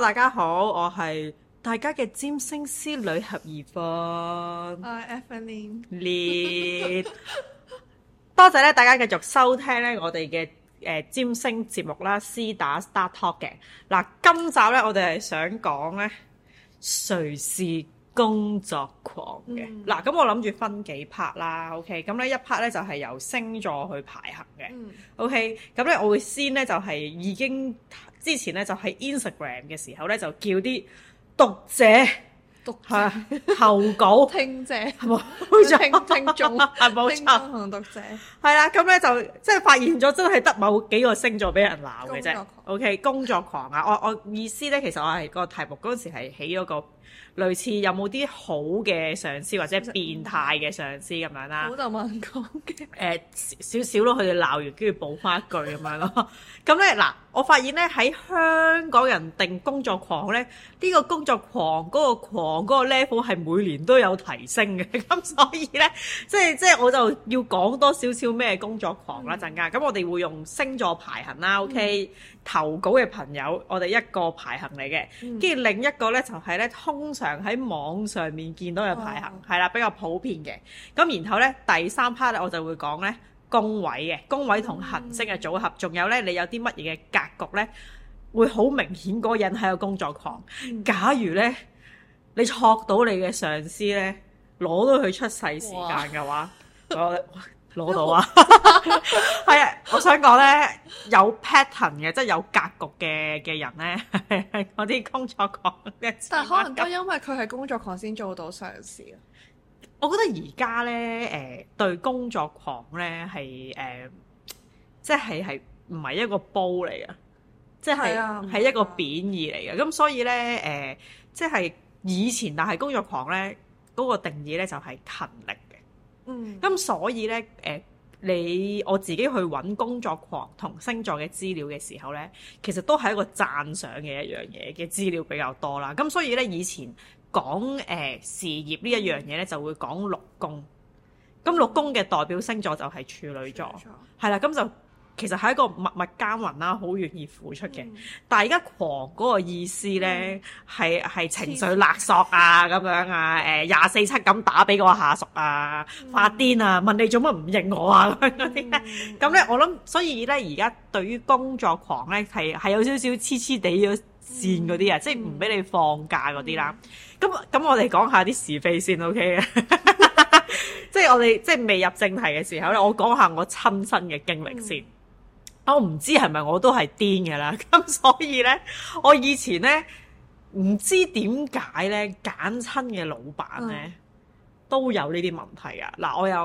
大家好，我係大家嘅占星師女俠宜芬。Hi，Evelyn。多謝咧，大家繼續收聽咧，我哋嘅誒占星節目啦，私打 start talk 嘅。嗱，今集咧我哋係想講咧，誰是工作狂嘅？嗱，咁我諗住分幾 part 啦。OK，咁咧一 part 咧就係由星座去排行嘅。OK，咁咧我會先咧就係已經。之前咧就喺 Instagram 嘅時候咧，就叫啲讀者讀係者投稿聽者係嘛？聽中係咪聽眾係冇錯，讀者係啦。咁咧就即係發現咗，真係得某幾個星座俾人鬧嘅啫。工 OK，工作狂啊！我我意思咧，其實我係個題目嗰時係起咗個類似有冇啲好嘅上司或者變態嘅上司咁樣啦。我就問講嘅誒少少咯，佢哋鬧完跟住補翻一句咁樣咯。咁咧嗱。我發現咧喺香港人定工作狂咧，呢、這個工作狂嗰、那個狂嗰個 level 係每年都有提升嘅，咁所以咧，即係即係我就要講多少少咩工作狂啦，陣間、嗯。咁我哋會用星座排行啦，OK？、嗯、投稿嘅朋友，我哋一個排行嚟嘅，跟住、嗯、另一個咧就係咧，通常喺網上面見到嘅排行，係啦、哦、比較普遍嘅。咁然後咧第三 part 咧我就會講咧。工位嘅工位同行星嘅組合，仲有呢，你有啲乜嘢嘅格局呢，會好明顯嗰個人係個工作狂。假如呢，你捉到你嘅上司呢，攞到佢出世時間嘅話，我攞到啊！係啊，我想講呢，有 pattern 嘅，即係有格局嘅嘅人呢，係嗰啲工作狂。但係可能都因為佢係工作狂先做到上司。我覺得而家咧，誒、呃、對工作狂咧係誒，即係係唔係一個褒嚟啊？即係係是、啊、一個貶義嚟嘅。咁所以咧，誒、呃、即係以前，但係工作狂咧嗰、那個定義咧就係勤力嘅。嗯。咁所以咧，誒、呃、你我自己去揾工作狂同星座嘅資料嘅時候咧，其實都係一個讚賞嘅一樣嘢嘅資料比較多啦。咁所以咧，以前。講誒事業呢一樣嘢咧，就會講六宮。咁六宮嘅代表星座就係處女座，係啦。咁就其實係一個默默耕耘啦，好願意付出嘅。但係而家狂嗰個意思咧，係係情緒勒索啊，咁樣啊，誒廿四七咁打俾個下屬啊，發癲啊，問你做乜唔認我啊，咁嗰啲。咁咧，我諗，所以咧，而家對於工作狂咧，係係有少少黐黐地線嗰啲啊，嗯、即係唔俾你放假嗰啲啦。咁咁、嗯，我哋講下啲是非先，OK 啊？ 即係我哋即係未入正題嘅時候咧，我講下我親身嘅經歷先。嗯、我唔知係咪我都係癲嘅啦。咁所以呢，我以前呢，唔知點解呢，揀親嘅老闆呢，都有呢啲問題啊。嗱，我有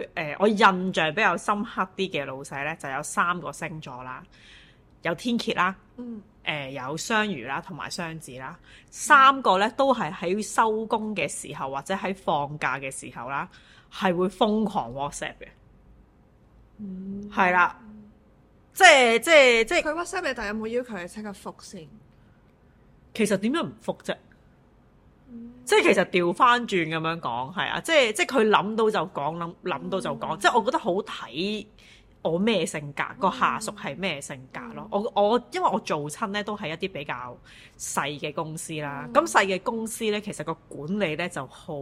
誒、呃，我印象比較深刻啲嘅老細呢，就有三個星座啦，有天蠍啦，嗯。誒、呃、有雙魚啦，同埋雙子啦，三個咧都係喺收工嘅時候，或者喺放假嘅時候啦，係會瘋狂 WhatsApp 嘅，係啦、嗯，即係即係即係佢 WhatsApp 你，但有冇要求你即刻復先？其實點解唔復啫？即係其實調翻轉咁樣講係啊，即係即係佢諗到就講，諗諗到就講，嗯、即係我覺得好睇。我咩性格，個下屬係咩性格咯、mm hmm.？我我因為我做親呢，都係一啲比較細嘅公司啦。咁細嘅公司呢，其實個管理呢就好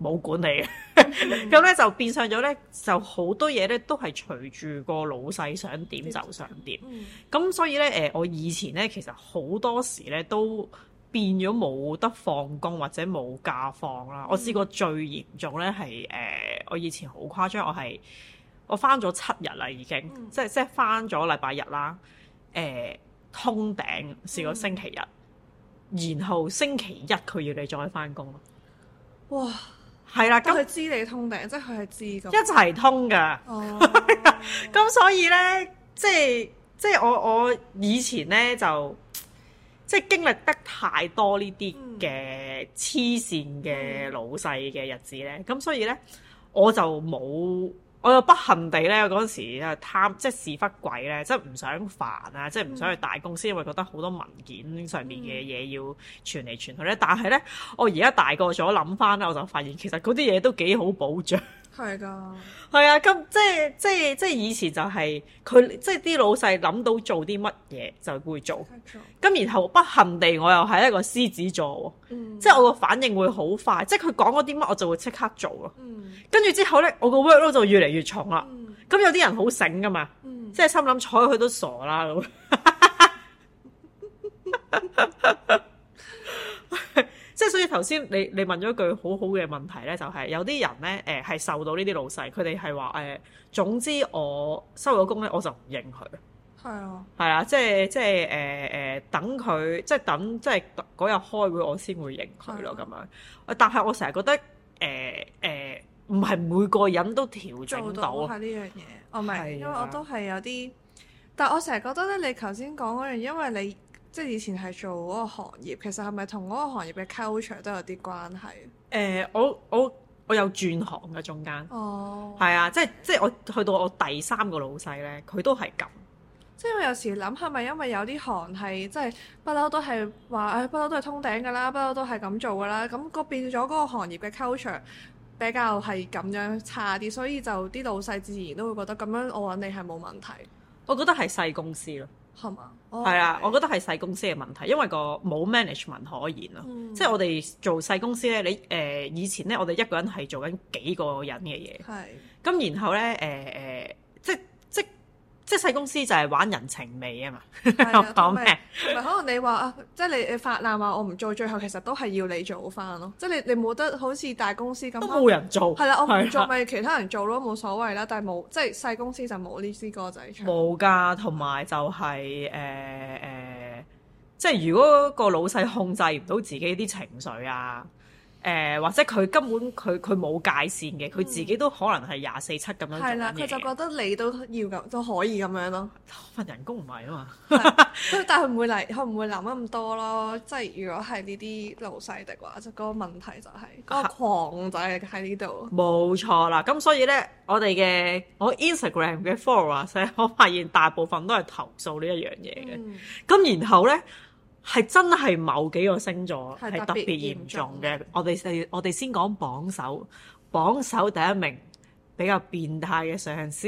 冇管理咁、 mm hmm. 呢，就變相咗呢，就好多嘢呢都係隨住個老細想點就想點。咁、mm hmm. 所以呢，誒我以前呢，其實好多時呢都變咗冇得放工或者冇假放啦。Mm hmm. 我試過最嚴重呢，係、呃、誒，我以前好誇張，我係。我翻咗七日啦，已經，即係即係翻咗禮拜日啦。誒，通頂試個星期日，呃期日嗯、然後星期一佢要你再翻工咯。哇，係啦，咁佢知你通頂，這即係佢係知㗎。一齊通噶，咁、 嗯、所以咧，即係即係我我以前咧就即係、就是、經歷得太多呢啲嘅黐線嘅老細嘅日子咧，咁、嗯嗯、所以咧我就冇。我又不幸地咧，嗰陣時貪即係屎忽鬼咧，即係唔想煩啊，嗯、即係唔想去大公司，因為覺得好多文件上面嘅嘢要傳嚟傳去咧。但係咧，我而家大個咗，諗翻咧，我就發現其實嗰啲嘢都幾好保障。係㗎，係 啊，咁即係即係即係以前就係佢即係啲老細諗到做啲乜嘢就會做。咁、嗯、然後不幸地，我又係一個獅子座，嗯、即係我個反應會好快，即係佢講嗰啲乜，我就會即刻做咯。嗯跟住之後呢，我個 work 咯就越嚟越重啦。咁、嗯、有啲人好醒噶嘛，嗯、即係心諗坐佢都傻啦咁。 即係所以頭先你你問咗句好好嘅問題呢，就係、是、有啲人呢誒係、呃、受到呢啲老細，佢哋係話誒，總之我收咗工呢，我就唔認佢。係啊的，係啊，即係即係誒誒，等佢即係等即係嗰日開會，我先會認佢咯咁樣。但係我成日覺得誒誒。呃呃呃呃唔係每個人都調整到。做到下呢樣嘢，我明，的因為我都係有啲，但係我成日覺得咧，你頭先講嗰樣，因為你即係以前係做嗰個行業，其實係咪同嗰個行業嘅 culture 都有啲關係？誒、欸，我我我有轉行嘅中間。哦，係啊，即係即係我去到我第三個老細呢，佢都係咁。即係我有時諗下，係咪因為有啲行係即係不嬲都係話，誒不嬲都係通頂㗎啦，不嬲都係咁做㗎啦，咁個變咗嗰個行業嘅 culture。比較係咁樣差啲，所以就啲老細自然都會覺得咁樣我揾你係冇問題。我覺得係細公司咯，係嘛？係、oh, 啊的，的我覺得係細公司嘅問題，因為個冇 management 可言咯。嗯、即係我哋做細公司咧，你誒、呃、以前咧，我哋一個人係做緊幾個人嘅嘢，係的。咁然後咧，誒、呃、誒。即係細公司就係玩人情味啊嘛，講 咩、啊？ 可能你話啊，即係你你發爛話我唔做，最後其實都係要你做翻咯。即係你你冇得好似大公司咁冇人做。係啦、啊，我唔做咪是、啊、其他人做咯，冇所謂啦。但係冇即係細公司就冇呢啲歌仔唱。冇噶，同埋就係誒誒，即係如果個老細控制唔到自己啲情緒啊～誒、呃、或者佢根本佢佢冇界線嘅，佢、嗯、自己都可能係廿四七咁樣做啦，佢就覺得你都要咁都可以咁樣咯。份人工唔係啊嘛 但，但佢唔會嚟，佢唔會諗咁多咯。即係如果係呢啲老細的話，就、那、嗰個問題就係、是、嗰、那個狂仔喺呢度。冇錯啦，咁所以咧，我哋嘅我 Instagram 嘅 follower，我發現大部分都係投訴呢一樣嘢嘅。咁、嗯、然後咧。係真係某幾個星座係特別嚴重嘅，我哋四我哋先講榜首，榜首第一名比較變態嘅上司，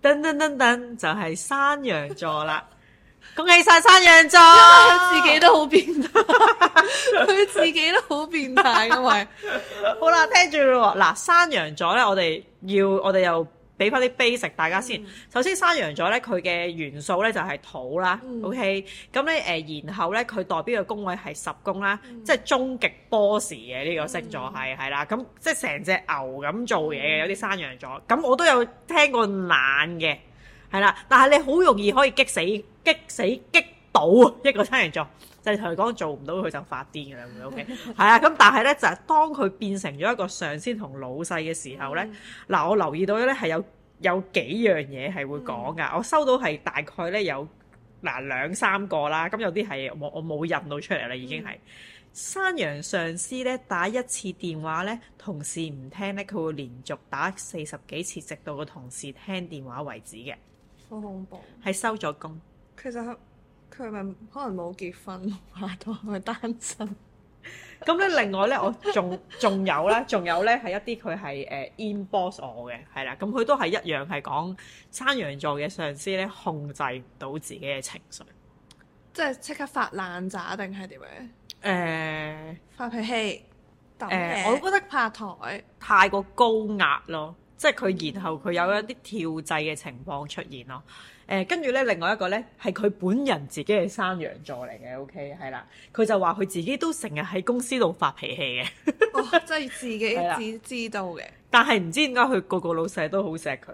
登登登登就係山羊座啦！恭喜晒山羊座，佢自己都好變態，佢自己都好變態咁，喂，好啦，聽住喇！嗱，山羊座咧，我哋要我哋又。俾翻啲 basic 大家先。首先山羊座咧，佢嘅元素咧就係土啦。OK，咁咧誒，然後咧佢代表嘅宮位係十宮啦，嗯、即係終極 boss 嘅呢個星座係係啦。咁、嗯、即係成隻牛咁做嘢嘅、嗯、有啲山羊座。咁我都有聽過懶嘅，係啦。但係你好容易可以激死、激死、激到啊一個山羊座。就係同佢講做唔到，佢就發癲嘅啦，OK。係、okay? 啊，咁但係咧，就係、是、當佢變成咗一個上司同老細嘅時候咧，嗱、嗯，我留意到咧係有有幾樣嘢係會講噶。嗯、我收到係大概咧有嗱兩三個啦。咁、嗯、有啲係我我冇印到出嚟啦，已經係、嗯、山羊上司咧打一次電話咧，同事唔聽咧，佢會連續打四十幾次，直到個同事聽電話為止嘅。好恐怖！係收咗工。其實佢咪可能冇結婚，怕到佢單身。咁咧、 嗯，另外咧，我仲仲有咧，仲 有咧，係一啲佢係誒 inbox 我嘅，係啦。咁佢都係一樣係講山羊座嘅上司咧，控制唔到自己嘅情緒。即係即刻發爛渣定係點樣？誒、呃，發脾氣。誒，呃、我覺得拍台、呃、太過高壓咯。即係佢，然後佢有一啲跳掣嘅情況出現咯。誒、呃，跟住咧，另外一個咧，係佢本人自己係山羊座嚟嘅。OK，係啦，佢就話佢自己都成日喺公司度發脾氣嘅。哇、 哦！即係自己只的知道嘅，但係唔知點解佢個個老細都好錫佢。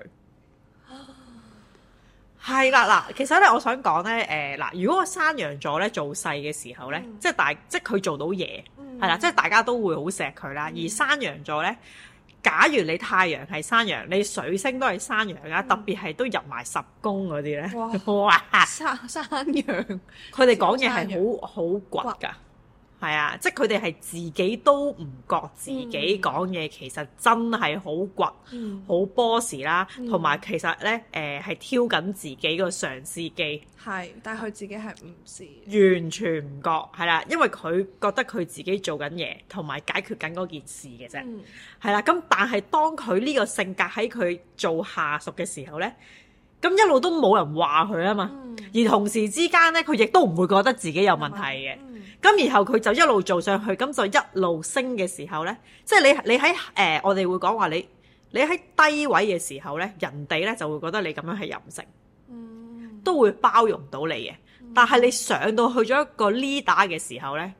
係啦嗱，其實咧，我想講咧，誒、呃、嗱，如果個山羊座咧做細嘅時候咧，即係大，即係佢做到嘢，係啦，即係大家都會好錫佢啦。嗯、而山羊座咧。假如你太陽係山羊，你水星都係山羊啊！嗯、特別係都入埋十宮嗰啲咧，哇！哇，山山羊，佢哋講嘢係好好掘㗎。係啊，即係佢哋係自己都唔覺自己講嘢、嗯，其實真係好倔、好、嗯、boss 啦，同埋、嗯、其實咧誒係挑緊自己個上司機。係，但係佢自己係唔知。完全唔覺係啦、啊，因為佢覺得佢自己做緊嘢，同埋解決緊嗰件事嘅啫。係啦、嗯，咁、啊、但係當佢呢個性格喺佢做下屬嘅時候咧，咁一路都冇人話佢啊嘛。嗯、而同時之間咧，佢亦都唔會覺得自己有問題嘅。嗯嗯。咁然後佢就一路做上去，咁就一路升嘅時候呢，即係你你喺誒、呃，我哋會講話你你喺低位嘅時候呢，人哋呢就會覺得你咁樣係任性，嗯、都會包容到你嘅。嗯、但係你上到去咗一個 leader 嘅時候呢，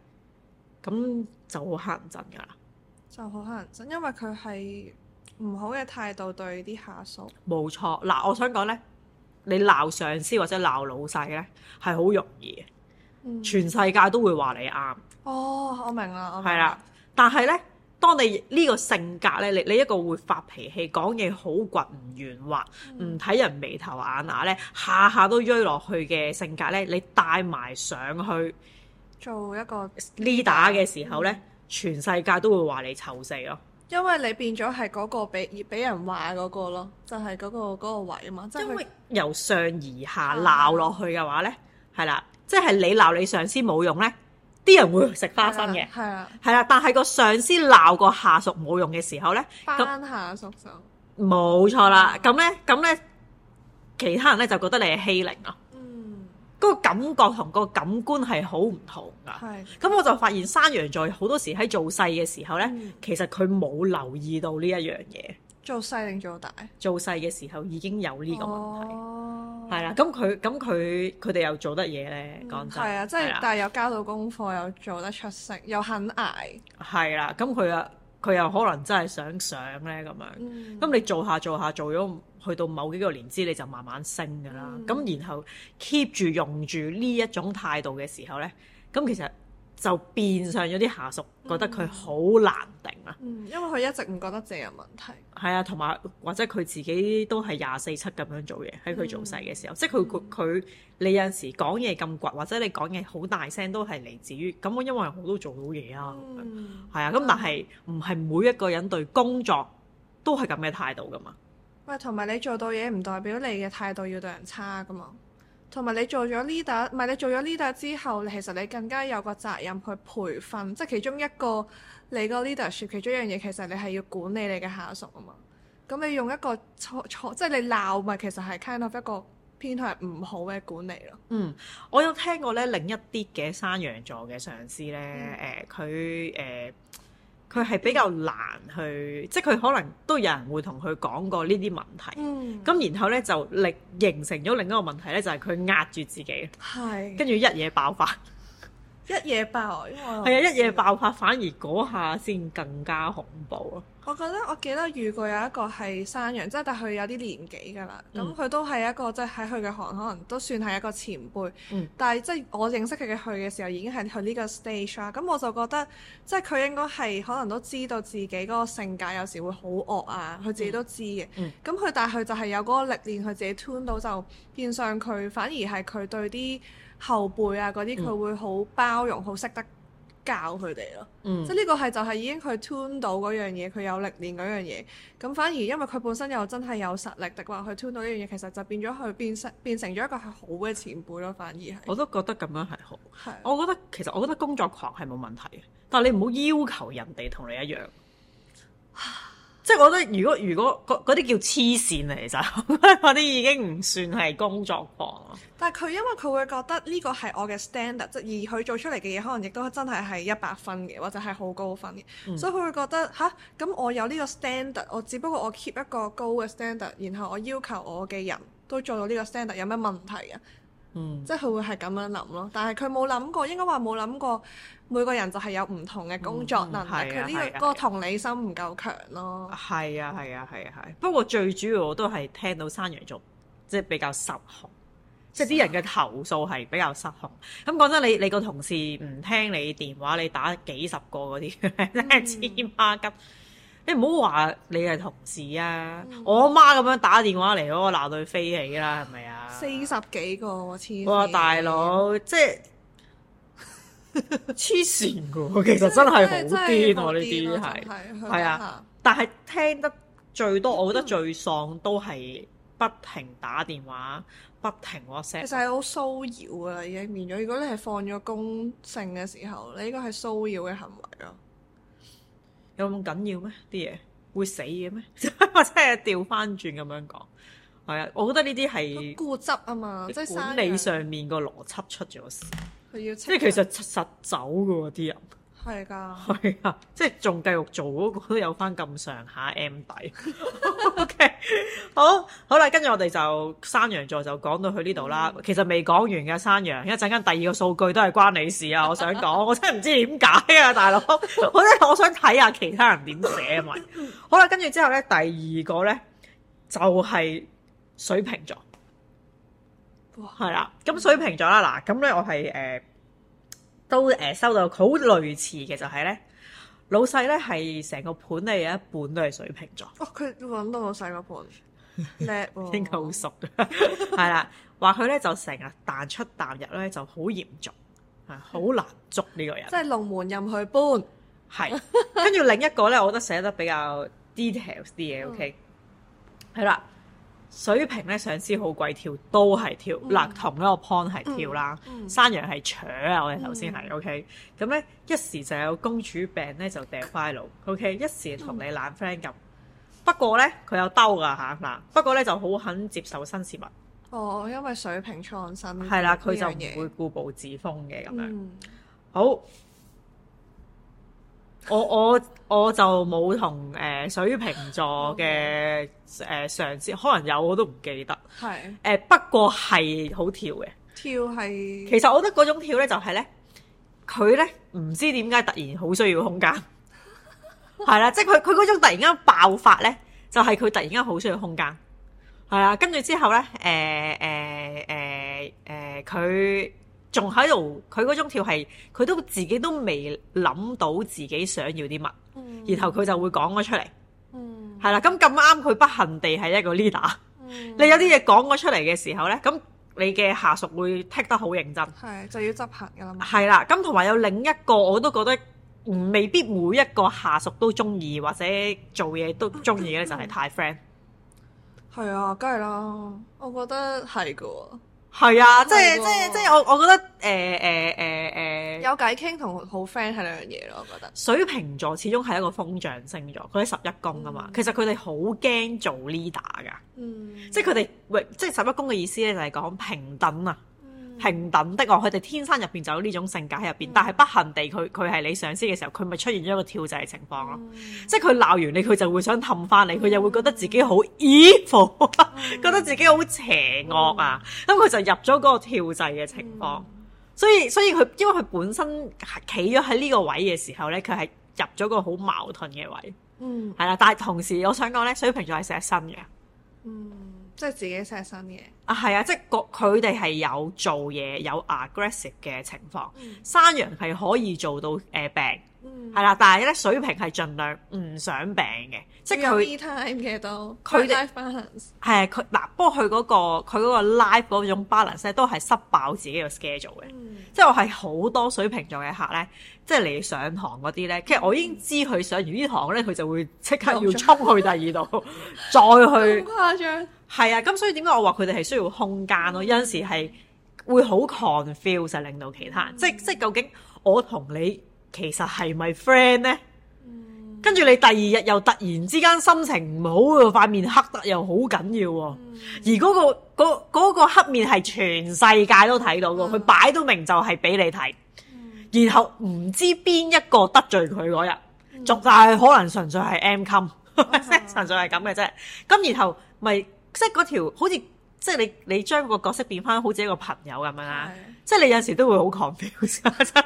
咁就好乞人憎噶啦，就好乞人憎，因為佢係唔好嘅態度對啲下屬。冇錯，嗱，我想講呢，你鬧上司或者鬧老細呢，係好容易嘅。全世界都會話你啱。哦，我明啦。係啦，但係呢，當你呢個性格咧，你你一個會發脾氣、講嘢好倔、唔圓滑、唔睇、嗯、人眉頭眼眼咧，下下都追落去嘅性格咧，你帶埋上去，上去做一個 leader 嘅時候咧，嗯、全世界都會話你醜死咯。因為你變咗係嗰個俾俾人話嗰、嗰個咯，就係、係、嗰、嗰個嗰、嗰個位啊嘛。就係、因為由上而下鬧落去嘅話呢，係啦。即係你鬧你上司冇用呢？啲人會食花生嘅。係啦，係啦，但係個上司鬧個下屬冇用嘅時候呢？班下屬就。冇錯啦，咁呢，咁咧，其他人呢，就覺得你係欺凌呀。嗰、嗯、個感覺同個感官係好唔同噶。咁的我就發現山羊座好多時喺做細嘅時候呢，嗯、其實佢冇留意到呢一樣嘢。做細定做大？做細嘅時候已經有呢個問題。哦係啦，咁佢咁佢佢哋又做得嘢咧，講真係啊，即係的但係又交到功課，的又做得出色，又肯捱。係啦，咁佢啊，佢又可能真係想上咧咁樣。咁、嗯、你做下做下做咗，去到某幾個年資你就慢慢升㗎啦。咁、嗯、然後 keep 住用住呢一種態度嘅時候咧，咁其實。就變相咗啲下屬、嗯、覺得佢好難頂啊，嗯，因為佢一直唔覺得自己有問題。係啊，同埋或者佢自己都係廿四七咁樣做嘢，喺佢做細嘅時候，嗯、即係佢佢你有陣時講嘢咁倔，或者你講嘢好大聲，都係嚟自於咁。我因為我都做到嘢啊，係、嗯、啊、咁、嗯、但係唔係每一個人對工作都係咁嘅態度噶嘛？喂、嗯，同、嗯、埋、嗯、你做到嘢唔代表你嘅態度要對人差噶嘛？同埋你做咗 leader，唔係你做咗 leader 之後，其實你更加有個責任去培訓，即係其中一個你個 leadership 其中一樣嘢其實你係要管理你嘅下屬啊嘛。咁你用一個錯錯，即係你鬧，咪其實係 kind of 一個偏向唔好嘅管理咯。嗯，我有聽過咧，另一啲嘅山羊座嘅上司咧，誒佢誒。呃佢係比較難去，嗯、即係佢可能都有人會同佢講過呢啲問題，咁、嗯、然後呢，就力形成咗另一個問題呢就係佢壓住自己，跟住一嘢爆發，一嘢爆，因為係啊，一嘢爆發 反而嗰下先更加恐怖啊！我覺得我記得遇過有一個係山羊，即係但係佢有啲年紀㗎啦。咁佢、嗯、都係一個即係喺佢嘅行可能都算係一個前輩。嗯、但係即係我認識佢嘅去嘅時候已經係去呢個 stage 啦。咁我就覺得即係佢應該係可能都知道自己嗰個性格有時會好惡啊，佢自己都知嘅。咁佢、嗯嗯、但係佢就係有嗰個歷練，佢自己 tune 到就變相佢反而係佢對啲後輩啊嗰啲，佢、嗯、會好包容，好識得。教佢哋咯，嗯、即係呢個係就係已經去 tune 到嗰樣嘢，佢有歷練嗰樣嘢，咁反而因為佢本身又真係有實力的，或佢 tune 到呢樣嘢，其實就變咗佢變,變成變成咗一個係好嘅前輩咯，反而係。我都覺得咁樣係好，是我覺得其實我覺得工作狂係冇問題嘅，但係你唔好要,要求人哋同你一樣。即係我覺得，如果如果嗰啲叫黐線嚟，就嗰啲已經唔算係工作狂囉。但係佢因為佢會覺得呢個係我嘅 standard，即而佢做出嚟嘅嘢可能亦都真係係一百分嘅，或者係好高分嘅，嗯、所以佢會覺得吓，咁我有呢個 standard，我只不過我 keep 一個高嘅 standard，然後我要求我嘅人都做到呢個 standard，有咩問題啊？嗯，即係佢會係咁樣諗咯，但係佢冇諗過，應該話冇諗過，每個人就係有唔同嘅工作能力，佢呢個同理心唔夠強咯。係啊係啊係啊係，啊啊啊，不過最主要我都係聽到山羊座即係比較失控，啊、即係啲人嘅投訴係比較失控。咁講真，你你個同事唔聽你電話，你打幾十個嗰啲，真係黐孖筋。嗯你唔好話你係同事啊！我阿媽咁樣打電話嚟，我鬧到佢飛起啦，係咪啊？四十幾個，我黐我哇大佬，即係黐線噶，其實真係好癲喎！呢啲係係啊，但係聽得最多，我覺得最喪都係不停打電話，不停 WhatsApp。其實係好騷擾噶啦，已經變咗。如果你係放咗公性嘅時候，你呢個係騷擾嘅行為咯。有咁緊要咩？啲嘢會死嘅咩？我 真係調翻轉咁樣講，係啊！我覺得呢啲係固執啊嘛，即係管理上面個邏輯出咗事，要即係其實實走嘅啲人。係噶，係啊，即係仲繼續做個都有翻咁上下 M 底。 OK, 好好啦，跟住我哋就山羊座就講到去呢度啦。嗯、其實未講完嘅山羊，一陣間第二個數據都係關你事啊！我想講、 啊，我真係唔知點解啊，大佬。我真係我想睇下其他人點寫咪。 好啦，跟住之後咧，第二個咧就係、是、水瓶座。係啦哇，咁、嗯、水瓶座啦嗱，咁咧我係誒。呃都誒收到，好類似嘅就係咧，老細咧係成個盤咧有一半都係水瓶座。哦，佢揾到老細個盤，叻喎、哦。應該好熟嘅，係 啦。 話佢咧就成日彈出彈入咧就好嚴重，嗯、啊好難捉呢個人。即係龍門任佢搬。係。 跟住另一個咧，我覺得寫得比較 details 啲嘅，OK。係啦。水瓶咧上司好鬼跳，都係跳嗱、嗯，同一個 point 係跳啦，嗯嗯、山羊係扯啊，我哋頭先係 O K，咁咧一時就有公主病咧就掉 file，O K，一時同你懶 friend 咁，不過咧佢有兜噶吓。嗱，不過咧就好肯接受新事物。哦，因為水瓶創新係啦，佢就唔會固步自封嘅咁樣。好。我我我就冇同誒水瓶座嘅，誒上次可能有，我都唔記得。係誒是、呃、不過係好跳嘅。跳係是其實我覺得嗰種跳咧就係、是、咧，佢咧唔知點解突然好需要空間。係啦、 啊，即係佢佢嗰種突然間爆發咧，就係、是、佢突然間好需要空間。係啦、啊，跟住之後咧，誒誒誒誒佢。呃呃呃呃仲喺度，佢嗰種跳係，佢都自己都未諗到自己想要啲乜，mm. 然後佢就會講咗出嚟，係啦、mm.。咁咁啱佢不幸地係一個 leader，mm. 你有啲嘢講咗出嚟嘅時候呢，咁你嘅下屬會剔得好認真，係就要執行噶啦。係啦，咁同埋有另一個我都覺得未必每一個下屬都中意或者做嘢都中意嘅就係太 friend。係、 哎、啊，梗係啦，我覺得係噶。係啊，即係即係即係我，我覺得誒誒誒誒，呃呃呃、有偈傾同好 friend 係兩樣嘢咯。我覺得水瓶座始終係一個風象星座，佢喺十一宮噶嘛。嗯、其實佢哋好驚做 leader 噶、嗯，即係佢哋即係十一宮嘅意思咧，就係講平等啊。平等的我，佢哋天生入邊就有呢種性格喺入邊，嗯、但係不幸地，佢佢係你上司嘅時候，佢咪出現咗一個跳掣嘅情況咯。嗯、即係佢鬧完你，佢就會想氹翻你，佢又會覺得自己好 evil，、嗯、 覺得自己好邪惡啊。咁佢、嗯、就入咗嗰個跳掣嘅情況、嗯，所以所以佢因為佢本身企咗喺呢個位嘅時候呢，佢係入咗個好矛盾嘅位，嗯，係啦。但係同時，我想講呢，水瓶座係錫身嘅，嗯。嗯即係自己錫身嘅啊，係啊，即係佢哋係有做嘢有 aggressive 嘅情況， 山羊係可以做到誒病係啦， 但係咧水瓶係盡量唔想病嘅，即係佢 time 嘅都佢哋 life balance 係佢嗱，不過佢嗰個佢嗰 life 嗰種 balance 咧都係塞爆自己個 schedule 嘅。即係我係好多水瓶座嘅客咧，即係嚟上堂嗰啲咧，其實我已經知佢上完呢堂咧，佢就會即刻要衝去第二度再去誇張。係啊，咁所以點解我話佢哋係需要空間咯？有陣時係會好 confuse，就令到其他人，即係即係究竟我同你其實係咪 friend 咧？跟住你第二日又突然之間心情唔好，個塊面黑得又好緊要喎。而嗰個嗰嗰個黑面係全世界都睇到嘅，佢擺到明就係俾你睇。然後唔知邊一個得罪佢嗰日，仲但係可能純粹係 M come，即係純粹係咁嘅啫。咁然後咪。即係嗰條好似，即係你你將個角色變翻好似一個朋友咁樣啊。的即係你有陣時都會好 confus ed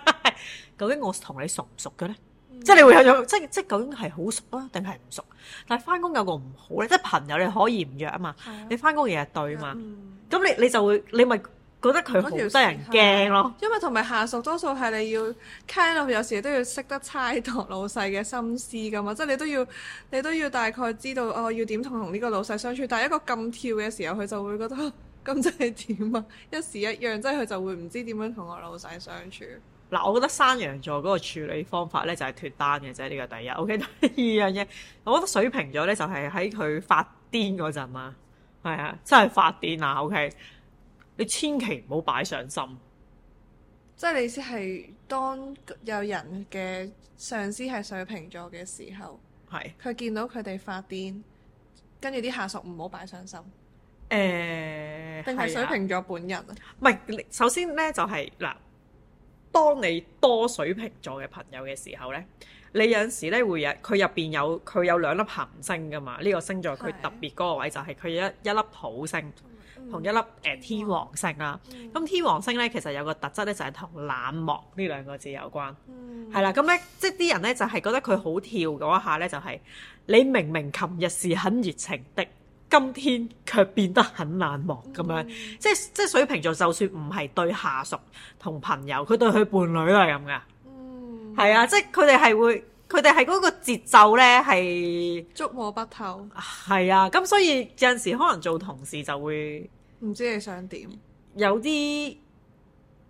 究竟我同你熟唔熟嘅咧？嗯、即係你會有種，即即究竟係好熟啊，定係唔熟？但係翻工有個唔好咧，即係朋友你可以唔約啊嘛，的你翻工日日對啊嘛，咁、嗯、你你就會你咪、就係。覺得佢好得人驚咯，因為同埋下屬多數係你要 care 咯，有時都要識得猜度老細嘅心思噶嘛，即係你都要你都要大概知道哦，要點同同呢個老細相處。但係一個咁跳嘅時候，佢就會覺得咁即係點啊？一時一樣，即係佢就會唔知點樣同我老細相處。嗱，我覺得山羊座嗰個處理方法咧就係、是、脫單嘅啫，呢、這個第一。O、OK? K，第二樣嘢，我覺得水瓶座咧就係喺佢發癲嗰陣啊，係啊，真係發癲啊，O K。OK? 你千祈唔好擺上心，即係你意思係當有人嘅上司係水瓶座嘅時候，係佢是見到佢哋發癲，跟住啲下屬唔好擺上心。誒、欸，定係水瓶座本人啊？唔係，首先呢，就係、是、嗱，當你多水瓶座嘅朋友嘅時候呢，你有陣時咧會有佢入邊有佢有兩粒行星噶嘛？呢、這個星座佢是特別嗰個位就係佢一一粒土星。同一粒誒、呃、天王星啦，咁、嗯、天王星咧其實有個特質咧就係同冷漠呢兩個字有關，係啦、嗯，咁咧即係啲人咧就係覺得佢好跳嗰一下咧、就是，就係你明明琴日是很熱情的，今天卻變得很冷漠咁樣，即係即係水瓶座就算唔係對下屬同朋友，佢對佢伴侶都係咁噶，係啊、嗯，即係佢哋係會佢哋係嗰個節奏咧係捉摸不透，係啊，咁所以有陣時可能做同事就會。唔知你想點？有啲些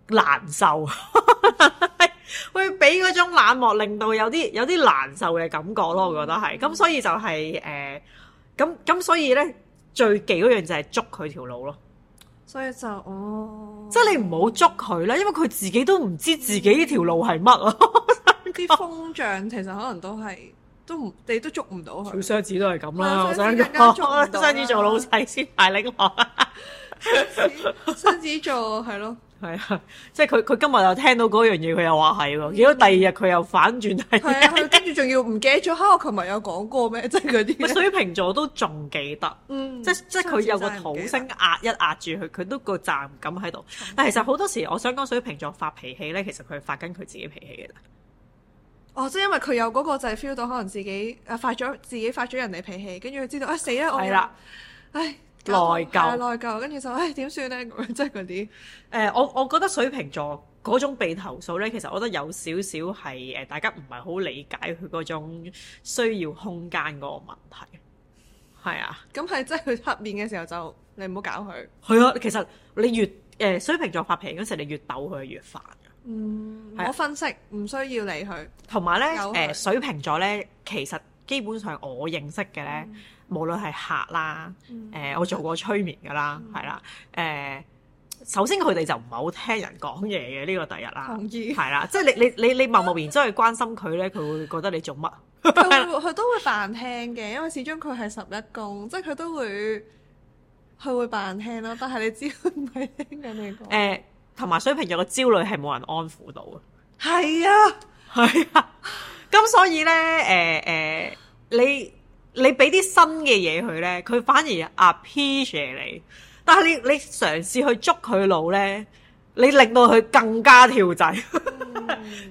難受， 會俾嗰種冷漠，令到有啲有啲難受嘅感覺咯。我覺得係咁，嗯、所以就係、是、誒、咁、呃、咁所以呢，最忌嗰樣就係捉佢條路咯。所以就哦，即係你唔好捉佢啦，嗯、因為佢自己都唔知自己呢條路係乜咯。啲、嗯、 風象其實可能都係。都唔，你都捉唔到佢。雙子都係咁啦，我想雙子座老細先大拎咯。雙子座，係咯，係啊，即係佢佢今日又聽到嗰樣嘢，佢又話係喎。如果第二日佢又反轉，跟住仲要唔記得咗，我琴日有講過咩？即係嗰啲。水瓶座都仲記得，嗯，即即係佢有個土星壓一壓住佢，佢都個站咁喺度。但其實好多時，我想講水瓶座發脾氣咧，其實佢發緊佢自己脾氣嘅哦，即係因為佢有嗰個就係 feel 到可能自己誒發咗自己發咗人哋脾氣，跟住佢知道啊、哎、死啦我，了、哎、我！係啦疚，唉，內疚，係內疚，跟住就唉，點算咧，即係嗰啲誒，我我覺得水瓶座嗰種被投訴咧，其實我覺得有少少係誒，大家唔係好理解佢嗰種需要空間嗰個問題。係啊，咁係即係佢黑面嘅時候就你唔好搞佢。係啊、嗯，其實你越誒、呃、水瓶座發脾氣嗰時，你越鬥佢越煩。嗯，我分析唔需要理佢。同埋咧，誒、呃、水瓶座咧，其實基本上我認識嘅咧，嗯、無論係客啦，誒、嗯呃、我做過催眠嘅啦，係、嗯、啦，誒、呃、首先佢哋就唔係好聽人講嘢嘅，呢個第一啦，係意啦，即、就、係、是、你你你你默默然之後去關心佢咧，佢會覺得你做乜？佢 都會扮聽嘅，因為始終佢係十一宮， 即係佢都會佢會扮聽咯。但係你知佢唔係聽緊你講？誒。 同埋水瓶有個焦慮係冇人安撫到嘅，係啊係啊，咁、啊、 所以呢，誒、呃、誒、呃，你你俾啲新嘅嘢佢呢，佢反而 appease 你，但係你你嘗試去捉佢腦呢，你令到佢更加跳掣，咁、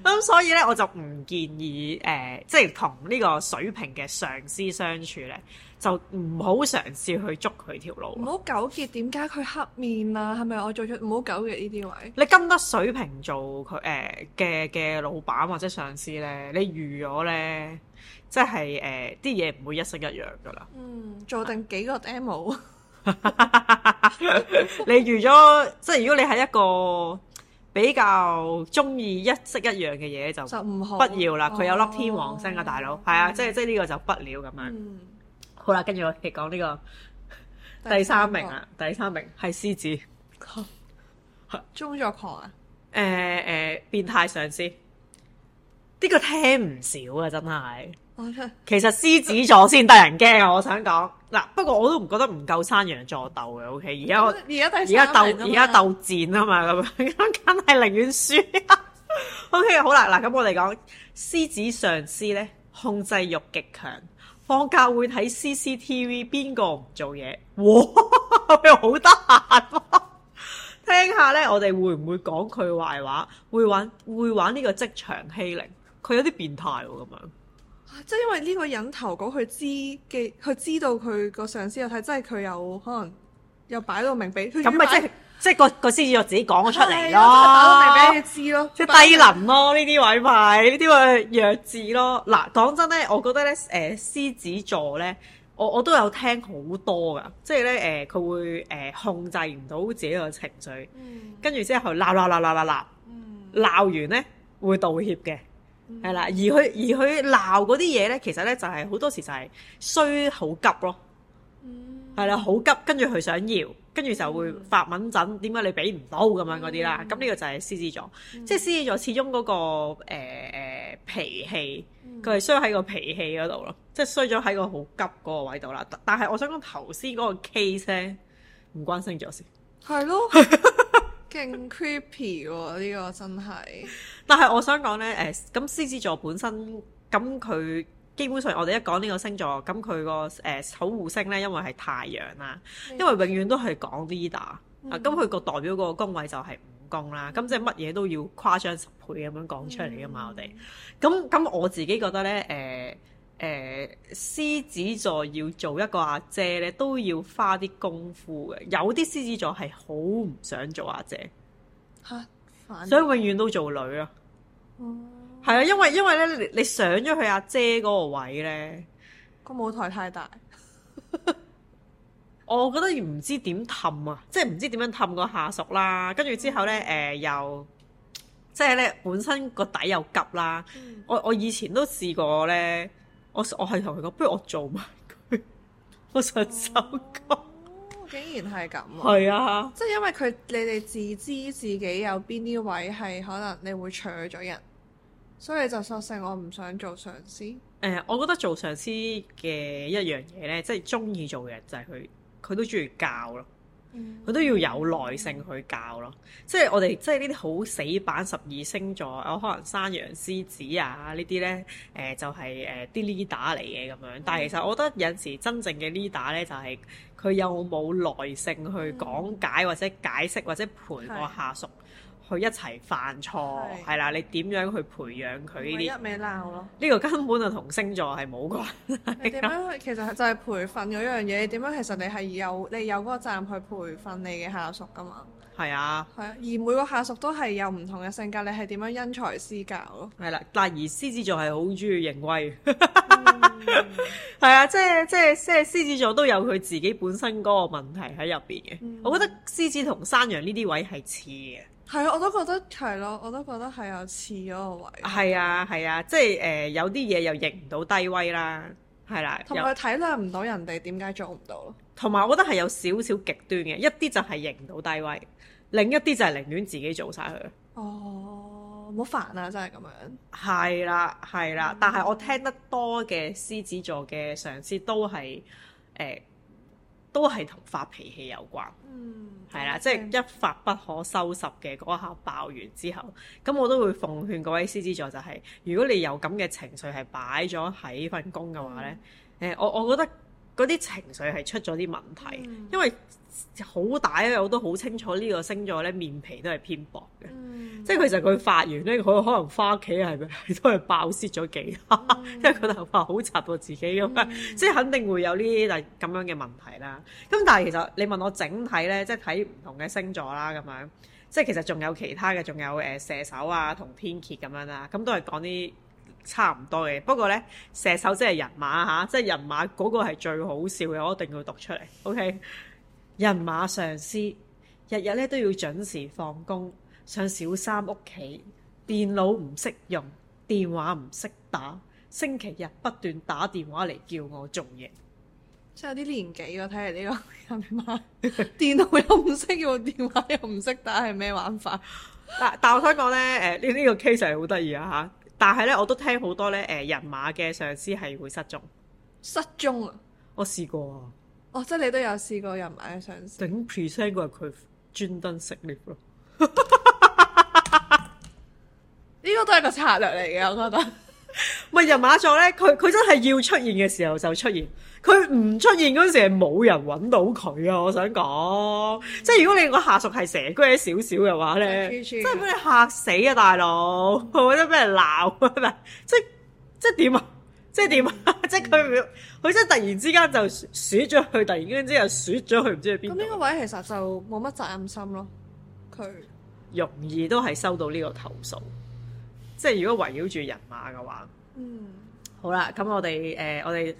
mm. 所以呢，我就唔建議誒、呃，即係同呢個水瓶嘅上司相處呢。就唔好嘗試去捉佢條路，唔好糾結點解佢黑面啊？係咪我做咗唔好糾結呢啲位？你跟得水瓶做佢誒嘅嘅老闆或者上司咧，你預咗咧，即係誒啲嘢唔會一式一樣噶啦。嗯，做定幾個 demo，你預咗即係如果你係一個比較中意一式一樣嘅嘢就唔好不要啦，佢有粒天王星㗎，大佬係啊，即係即係呢個就不了咁樣。好啦，跟住我哋講呢個第三名啊，第三名係獅子， 工作狂啊，誒誒、呃呃，變態上司，呢、這個聽唔少啊，真係。Okay. 其實獅子座先得人驚啊！我想講嗱，不過我都唔覺得唔夠山羊座鬥嘅，O K。而家而家而家鬥而家鬥戰啊嘛，咁、啊、樣咁梗係寧願輸。 o、okay, K，好啦，嗱，咁我哋講獅子上司咧，控制慾極強。放假會睇 CCTV，邊個唔做嘢？哇，佢好得閒喎！ 聽下咧，我哋會唔會講佢壞話？會玩會玩呢個職場欺凌？佢有啲變態喎、啊，咁樣、啊。即係因為呢個人投稿佢知嘅，佢知道佢個上司有睇，即係佢有可能又擺到明俾佢，咁咪即即係個個獅子座自己講咗出嚟咯，咯，打打俾佢知咯，即係低能咯呢啲位派，呢啲咪弱智咯。嗱，講真咧，我覺得咧，誒、呃、獅子座咧，我我都有聽好多㗎，即係咧誒佢會誒、呃、控制唔到自己個情緒，跟住之後鬧鬧鬧鬧鬧鬧，鬧鬧鬧鬧鬧完咧會道歉嘅，係、嗯、啦，而佢而佢鬧嗰啲嘢咧，其實咧就係好多時就係衰，好急咯，嗯，係啦、嗯，好急，跟住佢想要。跟住就會發敏癥，點解、嗯、你俾唔到咁樣嗰啲啦？咁呢、嗯、個就係獅子座，嗯、即係獅子座始終嗰、嗰個誒、呃、脾氣，佢係衰喺個脾氣嗰度咯，即係衰咗喺個好急嗰個位度啦。但我係我想講頭先嗰個 case 咧，唔關星座事。係咯， 勁 creepy 喎！呢個真係。 但係我想講咧，誒咁獅子座本身咁佢。基本上我哋一講呢個星座，咁佢個誒守護星呢，因為係太陽啦，嗯、因為永遠都係講 leader。咁佢個代表個宮位就係五宮啦，咁、啊、即係乜嘢都要誇張十倍咁樣講出嚟噶嘛，嗯、我哋。咁咁我自己覺得呢，誒、呃、誒、呃、獅子座要做一個阿姐呢，都要花啲功夫嘅。有啲獅子座係好唔想做阿姐，所以永遠都做女啊。嗯係啊，因為因為咧，你上咗去阿姐嗰個位咧，個舞台太大， 我覺得唔知點氹啊，即係唔知點樣氹個下屬啦。跟住之後咧，誒、呃、又即係咧，本身個底又急啦。嗯、我我以前都試過咧，我我係同佢講，不如我做埋佢，我想收工，哦。竟然係咁，係啊，啊即係因為佢，你哋自知自己有邊啲位係可能你會取咗人。所以就索性我唔想做上司。誒、呃，我覺得做上司嘅一樣嘢咧，即係中意做嘅人就係佢，佢都中意教咯。佢、嗯、都要有耐性去教咯。嗯、即係我哋即係呢啲好死板十二星座，我可能山羊、獅子啊呢啲咧，誒、呃、就係誒啲 leader 嚟嘅咁樣。嗯、但係其實我覺得有陣時真正嘅 leader 咧，就係、是、佢有冇耐性去講解、嗯、或者解釋或者陪個下屬。嗯佢一齊犯錯係啦的，你點樣去培養佢呢啲？一味鬧咯。呢個根本就同星座係冇關。你點樣去？其實就係培訓嗰樣嘢。點樣？其實你係有你有嗰個責任去培訓你嘅下屬噶嘛？係啊的。係啊，而每個下屬都係有唔同嘅性格，你係點樣因材施教咯？係啦，嗱，而獅子座係好中意認威。係 啊、嗯， 即係即係即係獅子座都有佢自己本身嗰個問題喺入邊嘅。嗯、我覺得獅子同山羊呢啲位係似嘅。係啊，我都覺得係咯，我都覺得係有佔咗個位。係啊，係啊，即係誒、呃，有啲嘢又認唔到低威啦，係啦。同埋體諒唔到人哋點解做唔到咯。同埋我覺得係有少少極端嘅，一啲就係認唔到低威，另一啲就係寧願自己做晒佢。哦，好煩啊，真係咁樣。係啦，係啦，嗯、但係我聽得多嘅獅子座嘅上司都係誒。呃都係同發脾氣有關，係啦，即係一發不可收拾嘅嗰下爆完之後，咁我都會奉勸各位獅子座就係、是，如果你有咁嘅情緒係擺咗喺份工嘅話呢、嗯呃，我我覺得嗰啲情緒係出咗啲問題，嗯、因為。好大啊！我都好清楚呢個星座咧，面皮都係偏薄嘅，嗯、即係其實佢發完咧，佢可能翻屋企係咪都係爆泄咗幾下，嗯、因為佢頭髮好插到自己咁、嗯、即係肯定會有呢啲咁樣嘅問題啦。咁但係其實你問我整體咧，即係睇唔同嘅星座啦，咁樣即係其實仲有其他嘅，仲有誒射手啊同天蠍咁樣啦，咁都係講啲差唔多嘅。不過咧，射手即係人馬嚇，即係人馬嗰個係最好笑嘅，我一定要讀出嚟。OK。人馬上司日日咧都要準時放工上小三屋企，電腦唔識用，電話唔識打，星期日不斷打電話嚟叫我做嘢，真係有啲年紀喎！睇嚟呢個人馬電腦又唔識用，電話又唔識打，係咩玩法？但但我想講咧，誒呢呢個 case 係好得意啊！嚇，但係咧我都聽好多咧，誒、呃、人馬嘅上司係會失蹤，失蹤啊！我試過啊～哦，即係你都有試過人馬嘅上司，頂 present 過佢專登食脷咯。呢 個都係一個策略嚟嘅，我覺得。唔係人馬座咧，佢佢真係要出現嘅時候就出現。佢唔出現嗰陣時係冇人揾到佢啊。我想講，嗯、即係如果你個下屬係蛇鬼少少嘅話咧，即係俾你嚇死啊，大佬！或者俾人鬧 啊，即即點啊？即係點、啊？即係佢佢即係突然之間就鼠咗佢，突然之間又鼠咗佢，唔知去邊。咁呢個位其實就冇乜責任心咯，佢容易都係收到呢個投訴。即係如果圍繞住人馬嘅話，嗯，好啦，咁我哋誒、呃，我哋誒、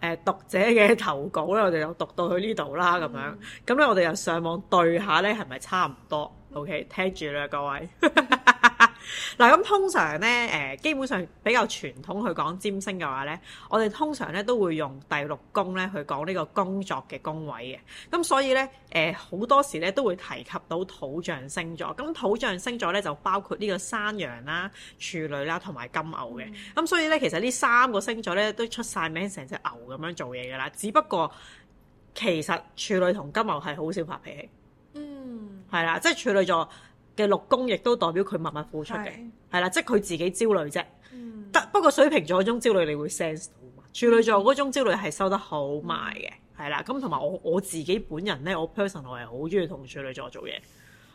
呃、讀者嘅投稿咧，我哋又讀到去呢度啦，咁樣。咁咧、嗯，我哋又上網對下咧，係咪差唔多？OK，聽住啦，各位。嗯 嗱，咁通常咧，誒基本上比較傳統去講占星嘅話咧，我哋通常咧都會用第六宮咧去講呢個工作嘅宮位嘅。咁所以咧，誒、呃、好多時咧都會提及到土象星座。咁土象星座咧就包括呢個山羊啦、處女啦同埋金牛嘅。咁所以咧，其實呢三個星座咧都出晒名成隻牛咁樣做嘢噶啦。只不過其實處女同金牛係好少發脾氣。嗯，係啦，即係處女座。嘅六宮亦都代表佢默默付出嘅，係啦的，即係佢自己焦慮啫。但、嗯、不過水瓶座嗰種焦慮你會 sense 到嘛？處女座嗰種焦慮係收得好埋嘅，係啦、嗯。咁同埋我我自己本人呢，我 person 我係好中意同處女座做嘢，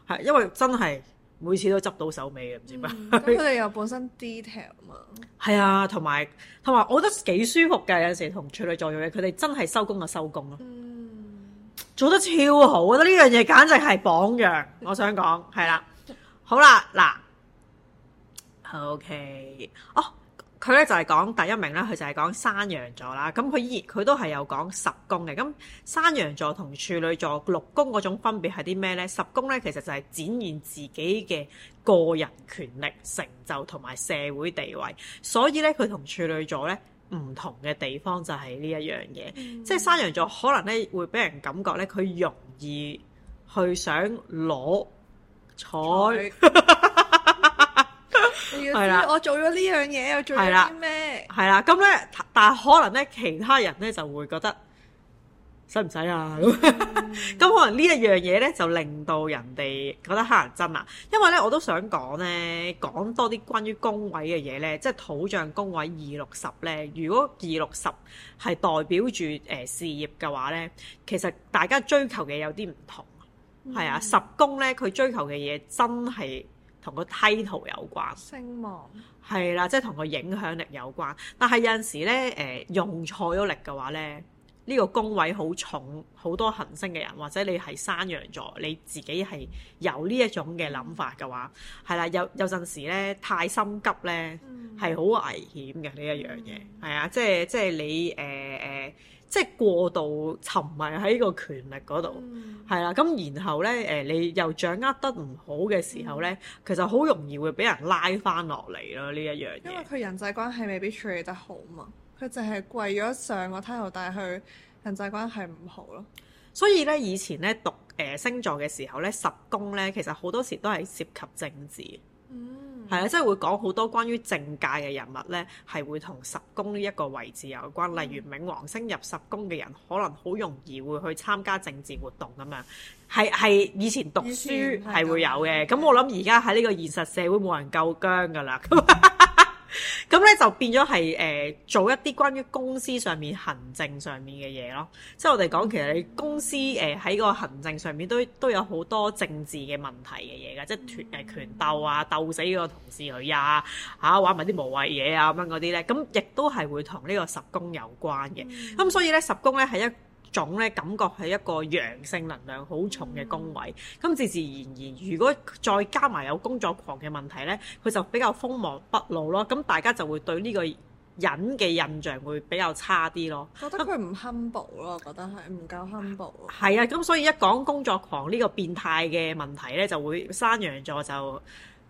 係因為真係每次都執到手尾嘅，唔知點。佢哋又本身 detail 嘛，係啊， 同埋同埋我覺得幾舒服嘅，有時同處女座做嘢，佢哋真係收工就收工咯，嗯、做得超好，我覺得呢樣嘢簡直係榜樣。我想講係啦。好啦，嗱，OK，哦，佢咧就係講第一名咧，佢就係講山羊座啦。咁佢依然，佢都係有講十宮嘅。咁山羊座同處女座六宮嗰種分別係啲咩呢？十宮呢，其實就係展現自己嘅個人權力成就同埋社會地位。所以呢，佢同處女座呢，唔同嘅地方就係呢一樣嘢，即係山羊座可能呢會俾人感覺呢，佢容易去想攞。彩，係啦，我做咗呢樣嘢，的我做咗啲咩？係啦，咁咧，但係可能咧，其他人咧就會覺得使唔使啊？咁、嗯，咁 可能呢一樣嘢咧，就令到人哋覺得乞人憎啦。因為咧，我都想講咧，講多啲關於宮位嘅嘢咧，即係土象宮位二六十咧。如果二六十係代表住誒事業嘅話咧，其實大家追求嘅有啲唔同。係啊，十宮咧，佢追求嘅嘢真係同個梯圖有關。聲望係啦、啊，即係同個影響力有關。但係有陣時咧，誒、呃、用錯咗力嘅話咧，呢、這個宮位好重，好多行星嘅人，或者你係山羊座，你自己係有呢一種嘅諗法嘅話，係啦、嗯啊，有有陣時咧太心急咧係好危險嘅呢一樣嘢，係、嗯、啊，即係即係你誒誒。呃即係過度沉迷喺呢個權力嗰度，係啦、嗯。咁然後咧，誒、呃、你又掌握得唔好嘅時候咧，嗯、其實好容易會俾人拉翻落嚟咯。呢一樣嘢，因為佢人際關係未必處理得好嘛。佢淨係為咗上個 title，但係佢人際關係唔好咯。所以咧，以前咧讀誒、呃、星座嘅時候咧，十宮咧其實好多時都係涉及政治。嗯。係啊，即係會講好多關於政界嘅人物呢，係會同十宮呢一個位置有關。例如，冥王星入十宮嘅人，可能好容易會去參加政治活動咁樣。係係以前讀書係會有嘅，咁我諗而家喺呢個現實社會冇人夠僵噶啦。嗯 咁咧就變咗係誒做一啲關於公司上面行政上面嘅嘢咯，即係我哋講，其實你公司誒喺、呃、個行政上面都都有好多政治嘅問題嘅嘢噶，即係權誒權鬥啊，鬥死個同事佢啊，吓玩埋啲無謂嘢啊咁樣嗰啲咧，咁、嗯、亦都係會同呢個十宮有關嘅，咁、嗯、所以咧十宮咧係一。種咧感覺係一個陽性能量好重嘅宮位，咁自、嗯、自然然，如果再加埋有工作狂嘅問題呢，佢就比較鋒芒不露咯。咁大家就會對呢個人嘅印象會比較差啲咯。覺得佢唔 humble 咯那，我覺得係唔夠 humble。係啊，咁所以一講工作狂呢個變態嘅問題呢，就會山羊座就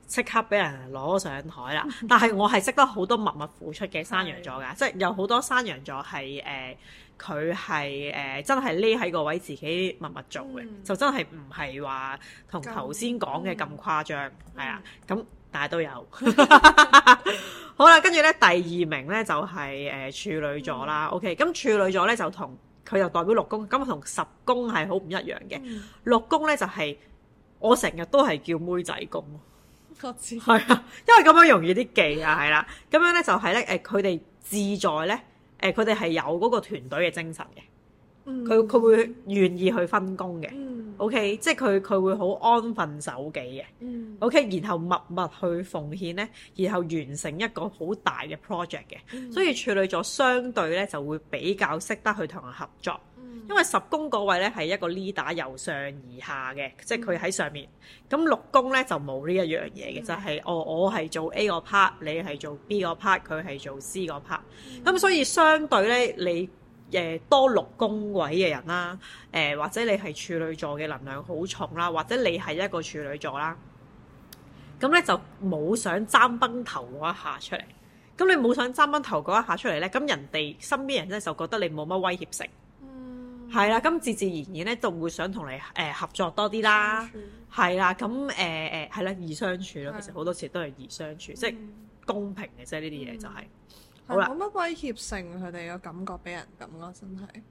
即刻俾人攞上台啦。 但係我係識得好多默默付出嘅山羊座㗎，的即係有好多山羊座係誒。呃佢係誒真係匿喺個位自己默默做嘅，嗯、就真係唔係話同頭先講嘅咁誇張，係啊、嗯，咁大家都有 好啦。跟住咧，第二名咧就係、係、誒、呃、處女座啦。嗯、OK，咁處女座咧就同佢就代表六宮，咁同十宮係好唔一樣嘅。嗯、六宮咧就係、係、我成日都係叫妹仔宮，係啊，因為咁樣容易啲記啊，係啦。咁樣咧就係咧誒，佢哋自在咧。誒，佢哋係有嗰個團隊嘅精神嘅，佢佢會願意去分工嘅、mm hmm.，OK，即係佢佢會好安分守己嘅、mm hmm.，OK，然後默默去奉獻咧，然後完成一個好大嘅 project 嘅，mm hmm. 所以處女座相對咧就會比較識得去同人合作。因為十宮嗰位咧係一個 leader 由上而下嘅，即係佢喺上面。咁六宮咧就冇呢一樣嘢嘅，嗯、就係、是、哦，我係做 A 個 part，你係做 B 個 part，佢係做 C 個 part。咁、嗯、所以相對咧，你誒、呃、多六宮位嘅人啦，誒或者你係處女座嘅能量好重啦，或者你係一個處女座啦，咁咧就冇想爭崩頭嗰一下出嚟。咁你冇想爭崩頭嗰一下出嚟咧，咁人哋身邊人咧就覺得你冇乜威脅性。係啦，咁自自然然咧，就會想同你誒、呃、合作多啲啦。係啦，咁誒誒係啦，易相處咯、呃。其實好多時都係易相處，的即係公平嘅啫。呢啲嘢就係好啦，冇乜威脅性，佢哋嘅感覺俾人咁咯，真係。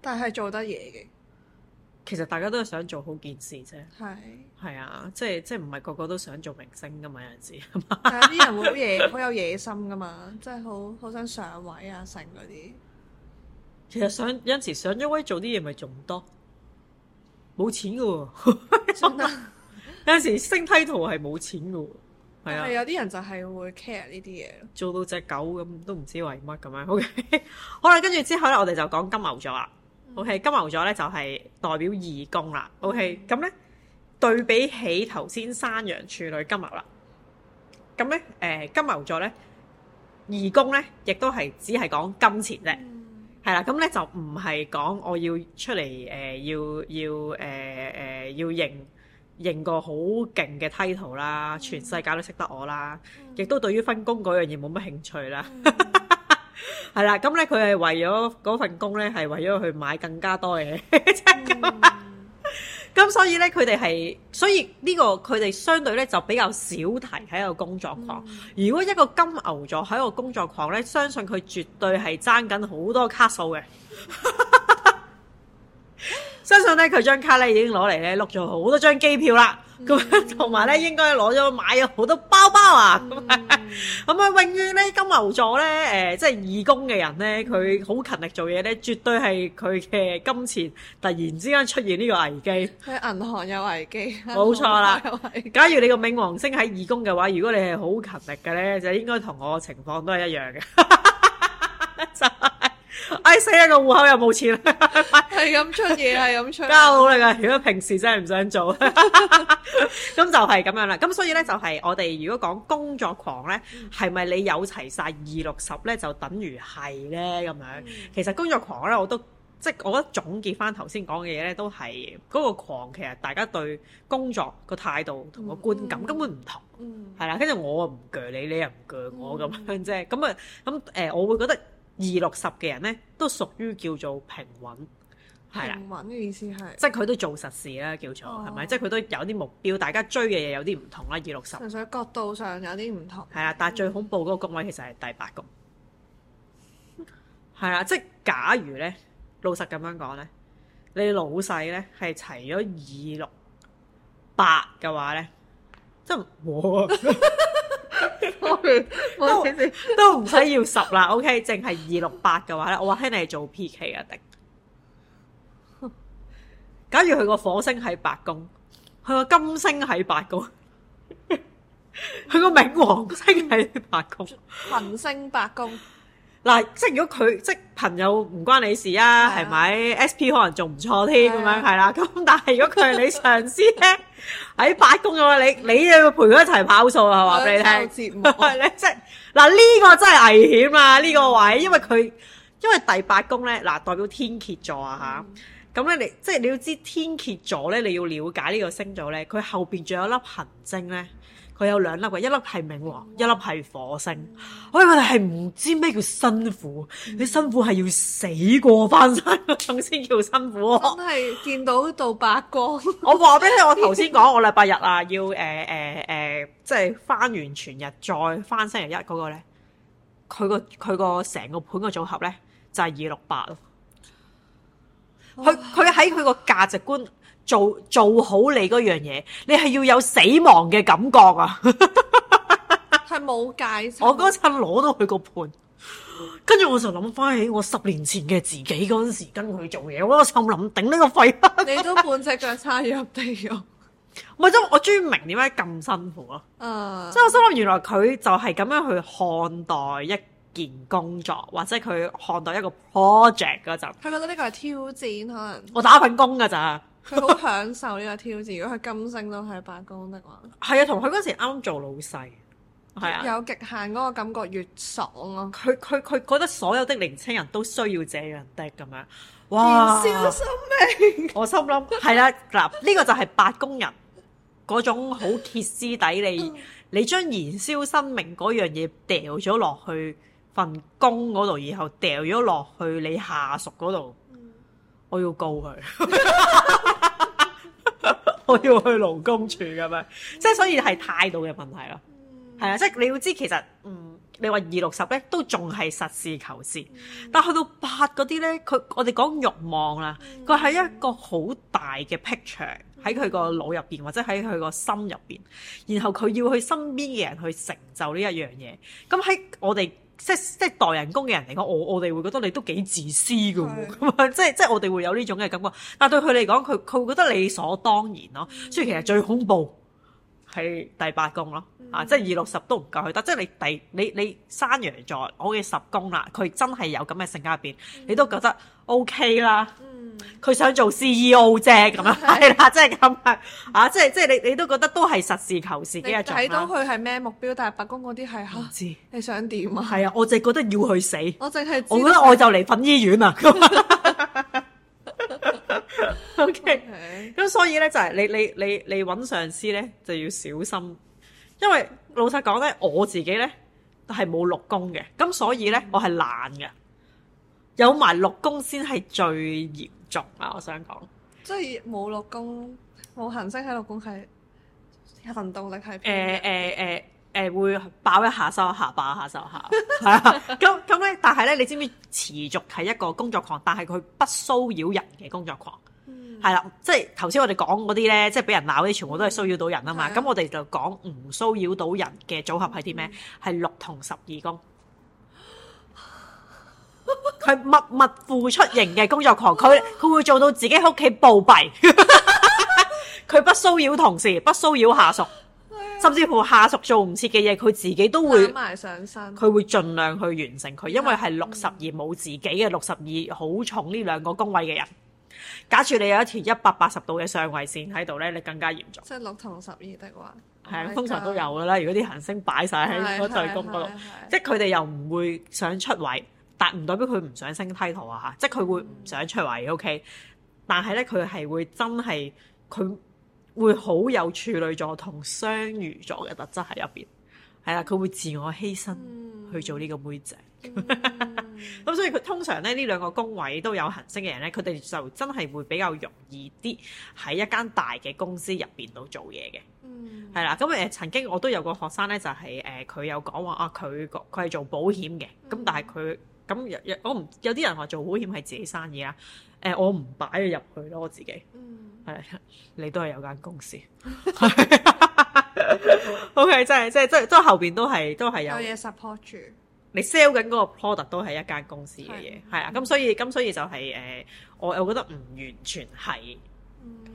但係做得嘢嘅，其實大家都係想做好件事啫。係係啊，即係即係唔係個個都想做明星噶嘛？有陣時，但係啲人好野 好有野心噶嘛，即係好好想上位啊，成嗰啲。其實上有陣時上咗位做啲嘢咪仲多，冇錢噶喎，有陣時升 title 係冇錢噶，係啊，有啲人就係會 care 呢啲嘢。做到隻狗咁都唔知為乜咁樣。OK，好啦，跟住之後咧，我哋就講金牛座啦。OK，金牛座咧就係代表二宮啦。OK，咁咧對比起頭先山羊處女金牛啦，咁咧誒金牛座咧二宮咧亦都係只係講金錢啫。係啦，咁咧就唔係講我要出嚟，誒、呃、要要誒誒、呃呃、要認認個好勁嘅 title 啦，mm hmm. 全世界都識得我啦，亦、mm hmm. 都對於分工嗰樣嘢冇乜興趣啦。係啦、mm，咁咧佢係為咗嗰份工咧，係為咗去買更加多嘢。 mm hmm. 咁所以咧，佢哋係，所以呢、這個佢哋相對咧就比較少提喺一個工作狂。嗯、如果一個金牛座喺一個工作狂咧，相信佢絕對係爭緊好多卡數嘅。 相信咧佢張卡咧已經攞嚟咧碌咗好多張機票啦。咁同埋咧，應該攞咗買咗好多包包啊！咁啊，永遠咧金牛座咧，誒、呃，即係二宮嘅人咧，佢好勤力做嘢咧，絕對係佢嘅金錢突然之間出現呢個危機，佢銀行有危機。冇錯啦，假如你個冥王星喺二宮嘅話，如果你係好勤力嘅咧，就應該同我情況都係一樣嘅。 哎死喺個戶口又冇錢，係咁出嘢，係咁出。大佬嚟噶，如果平時真係唔想做，咁 就係咁樣啦。咁所以咧，就係、是、我哋如果講工作狂咧，係咪你有齊晒二六十咧，就等於係咧咁樣？嗯、其實工作狂咧，我都即係我覺得總結翻頭先講嘅嘢咧，都係嗰個狂，其實大家對工作個態度同個觀感根本唔同，係啦、嗯。跟、嗯、住我又唔鋸你，你又唔鋸我咁、嗯、樣啫。咁啊，咁誒、呃，我會覺得。二六十嘅人呢，都屬於叫做平穩，係啦。平穩嘅意思係，即係佢都做實事啦，叫做係咪、哦？即係佢都有啲目標，大家追嘅嘢有啲唔同啦。二六十，純粹角度上有啲唔同。係啊，但係最恐怖嗰個宮位其實係第八宮。係啦、嗯，即係假如呢，老實咁樣講呢，你老細呢，係齊咗二六八嘅話呢，即係冇 都唔使要十啦 ，OK，淨係二六八嘅話咧，我話聽你係做 PK 一定？假如佢個火星喺八宮，佢個金星喺八宮，佢個冥王星喺八宮，群 星，星八宮。嗱、啊，即係如果佢即係朋友唔關你事啊，係咪是、啊、？SP 可能仲唔錯添咁是、啊、樣，係啦。咁但係如果佢係你上司咧，喺 八宮嘅話，你你要陪佢一齊跑數訴 啊，係話俾你聽。唔係，你即係嗱呢個真係危險啊！呢、這個位，因為佢因為第八宮咧，嗱、啊、代表天蠍座啊吓，咁咧、嗯、你即係你要知天蠍座咧，你要了解呢個星座咧，佢後邊仲有一粒行星咧。佢有兩粒嘅，一粒係冥王，一粒係火星。我以為係唔知咩叫辛苦，你、嗯、辛苦係要死過翻生先叫辛苦。真係見到度白光。 我話俾你聽，我頭先講我禮拜日啊，要誒誒誒，即係翻完全日再翻星期一嗰、那個咧，佢個佢個成個盤個組合咧就係二六八咯。佢佢喺佢個價值觀，做做好你嗰樣嘢，你係要有死亡嘅感覺啊！ 係冇界線。我嗰陣攞到佢個盤，跟住我就諗翻起我十年前嘅自己嗰陣時跟佢做嘢，我嗰陣諗頂呢個肺， 你都半隻腳踩入地獄咯，唔 係、啊 uh, 即我終於明點解咁辛苦咯。啊！即係我心諗原來佢就係咁樣去看待一件工作，或者佢看待一個 project 嗰陣。佢覺得呢個係挑戰，可能我打份工㗎咋。佢好 享受呢個挑戰，如果佢金星都係八宮的話，係啊，同佢嗰時啱做老細，係啊，有極限嗰個感覺越爽咯、啊。佢佢佢覺得所有的年輕人都需要這樣的咁樣，哇！燃燒生命， 我心諗係啦，嗱， 呢、這個就係八宮人嗰種好歇斯底里，你將 燃燒生命嗰樣嘢掉咗落去份工嗰度，然後掉咗落去你下屬嗰度，嗯、我要告佢。 我要去勞工處㗎咩？即係所以係態度嘅問題咯。係啊，即係你要知其實，嗯，你話二六十咧都仲係實事求是，但係去到八嗰啲咧，佢我哋講慾望啦，佢係一個好大嘅 picture，喺佢個腦入邊或者喺佢個心入邊，然後佢要去身邊嘅人去成就呢一樣嘢。咁喺我哋。即即代人工嘅人嚟講，我我哋會覺得你都幾自私嘅喎，咁啊對， 即即我哋會有呢種嘅感覺。但對佢嚟講，佢佢會覺得理所當然咯。嗯、所以其實最恐怖係第八宮咯，嗯、啊，即二六十都唔夠佢得。即你第你你山羊座，我嘅十宮啦，佢真係有咁嘅性格入邊，嗯、你都覺得 OK 啦。嗯佢想做 CEO 啫，咁樣係啦，的即係咁樣啊！即係即係你你都覺得都係實事求是嘅。睇到佢係咩目標，但係白宮嗰啲係嚇。唔知你想點啊？係啊，我淨係覺得要去死。我淨係。我覺得我就嚟瞓醫院啊！OK，咁所以咧就係、是、你你你你揾上司咧就要小心，因為老實講咧我自己咧係冇六宮嘅，咁所以咧我係懶嘅，有埋六宮先係最嚴。重啊！我想講，即係冇六宮，冇行星喺六宮，係一份動力係誒誒誒誒會爆一下收一下，爆一下收下，係 啊！咁咁咧，但係咧，你知唔知持續係一個工作狂，但係佢不騷擾人嘅工作狂，係啦、嗯，即係頭先我哋講嗰啲咧，即係俾人鬧嗰啲全部都係騷擾到人啊嘛！咁、嗯、我哋就講唔騷擾到人嘅組合係啲咩？係六同十二宮。佢默默付出型嘅工作狂，佢佢會做到自己喺屋企暴斃。佢 不騷擾同事，不騷擾下屬， 甚至乎下屬做唔切嘅嘢，佢自己都會。擺埋上身。佢會盡量去完成佢，因為係六十二冇自己嘅六十二好重呢兩個宮位嘅人。假設你有一條一百八十度嘅上位線喺度呢，你更加嚴重。即係六同十二的話，係 通常都有噶啦。如果啲行星擺晒喺嗰對宮嗰度，即係佢哋又唔會想出位。但唔代表佢唔想升梯度啊！嚇，即係佢會唔想出位，O K。Okay? 但係咧，佢係會真係佢會好有處女座同雙魚座嘅特質喺入邊，係啦，佢會自我犧牲去做呢個妹仔。咁 所以佢通常咧，呢兩個宮位都有行星嘅人咧，佢哋就真係會比較容易啲喺一間大嘅公司入邊度做嘢嘅。嗯，係啦。咁誒、呃、曾經我都有個學生咧，就係誒佢有講話啊，佢佢係做保險嘅，咁、嗯、但係佢。咁有有我唔有啲人話做保險係自己生意啊，誒、呃、我唔擺佢入去咯，我自己，係、嗯、你都係有間公司，OK，真係即係真真後邊都係都係有有嘢 support 住，你 sell 緊嗰個 product 都係一間公司嘅嘢，係啊的，咁的所以咁所以就係、是、誒，uh, 我又覺得唔完全係。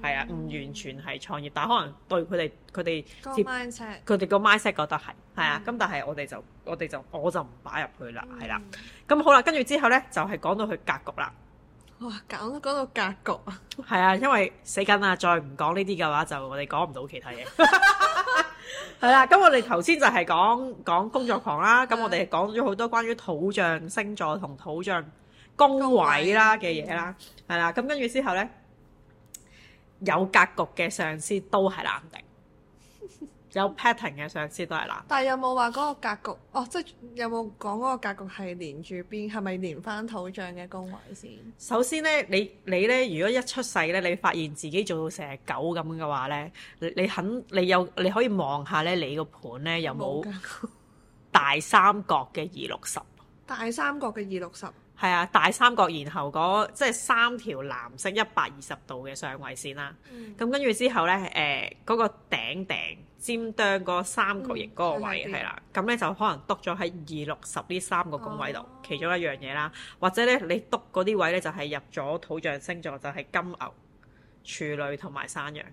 係啊，唔完全係創業，但係可能對佢哋佢哋佢哋個 mindset 覺得係係啊，咁但係我哋就我哋就我就唔擺入去啦，係啦，咁好啦，跟住之後咧就係講到佢格局啦，哇，講到講到格局啊，係啊，因為死緊啊，再唔講呢啲嘅話就我哋講唔到其他嘢，係啦，咁我哋頭先就係講講工作狂啦，咁我哋講咗好多關於土象星座同土象宮位啦嘅嘢啦，係啦，咁跟住之後咧。有格局嘅上司都係難頂，有 pattern 嘅上司都係難。 但係有冇話嗰個格局？哦，即係有冇講嗰個格局係連住邊？係咪連翻土象嘅宮位先？首先呢，你你咧，如果一出世咧，你發現自己做到成隻狗咁嘅話呢，你肯你有你可以望下呢，你個盤呢，有冇大三角嘅二六十？ 大三角嘅二六十。係啊，大三角，然後嗰即係三條藍色一百二十度嘅相位線啦。咁跟住之後咧，誒、呃、嗰、那個頂頂尖端個三角形嗰個位係啦。咁咧、嗯嗯、就可能篤咗喺二六十呢三個宮位度、哦、其中一樣嘢啦。或者咧你篤嗰啲位咧就係入咗土象星座，就係、是、金牛、處女同埋山羊。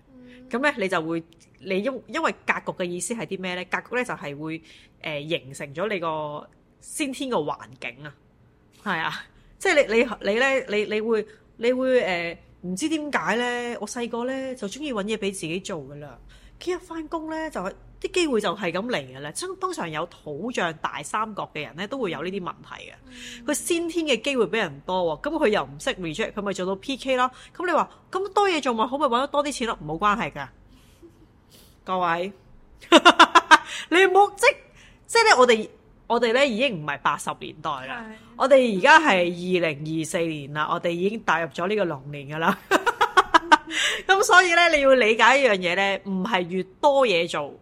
咁咧、嗯、你就會你因為因為格局嘅意思係啲咩咧？格局咧就係會誒、呃、形成咗你個先天嘅環境啊。係啊，即係你你你咧，你你，你，你會你會誒，唔、呃、知點解咧？我細個咧就中意搵嘢俾自己做噶啦。佢一翻工咧就啲機會就係咁嚟嘅咧。通常有土象大三角嘅人咧，都會有呢啲問題嘅。佢先天嘅機會俾人唔多，咁佢又唔識 reject，佢咪做到 PK 咯？咁你話咁多嘢做咪可唔可以搵得多啲錢咯？唔好關係噶，各位， 你冇即即咧，我哋。我哋咧已經唔係八十年代啦的，我哋而家係二零二四年啦，我哋已經踏入咗呢個龍年噶啦。咁、 嗯、所以呢，你要理解一樣嘢呢：唔係越多嘢做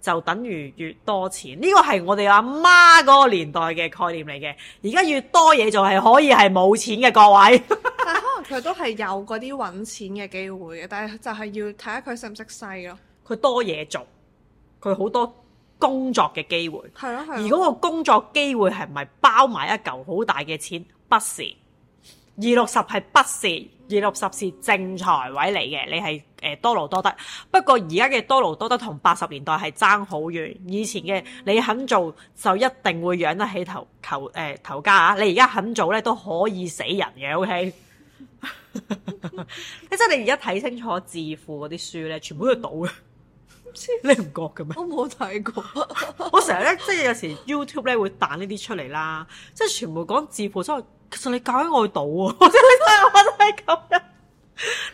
就等於越多錢。呢個係我哋阿媽嗰個年代嘅概念嚟嘅。而家越多嘢做係可以係冇錢嘅，各位。 但可能佢都係有嗰啲揾錢嘅機會嘅，但係就係要睇下佢識唔識細咯。佢多嘢做，佢好多。工作嘅機會， 而嗰個工作機會係唔係包埋一嚿好大嘅錢？不是，二六十係不是，二六十是正財位嚟嘅。你係誒多勞多得，不過而家嘅多勞多得同八十年代係爭好遠。以前嘅你肯做就一定會養得起頭頭誒、呃、頭家啊！你而家肯做咧都可以死人嘅，O K。你真係你而家睇清楚致富嗰啲書咧，全部都係賭嘅。 你唔覺嘅咩？我冇沒睇過 我，我成日咧即係有時 YouTube 咧會彈呢啲出嚟啦，即係全部講自曝，所以其實你教緊我去賭啊！ 我就係咁樣，Okay.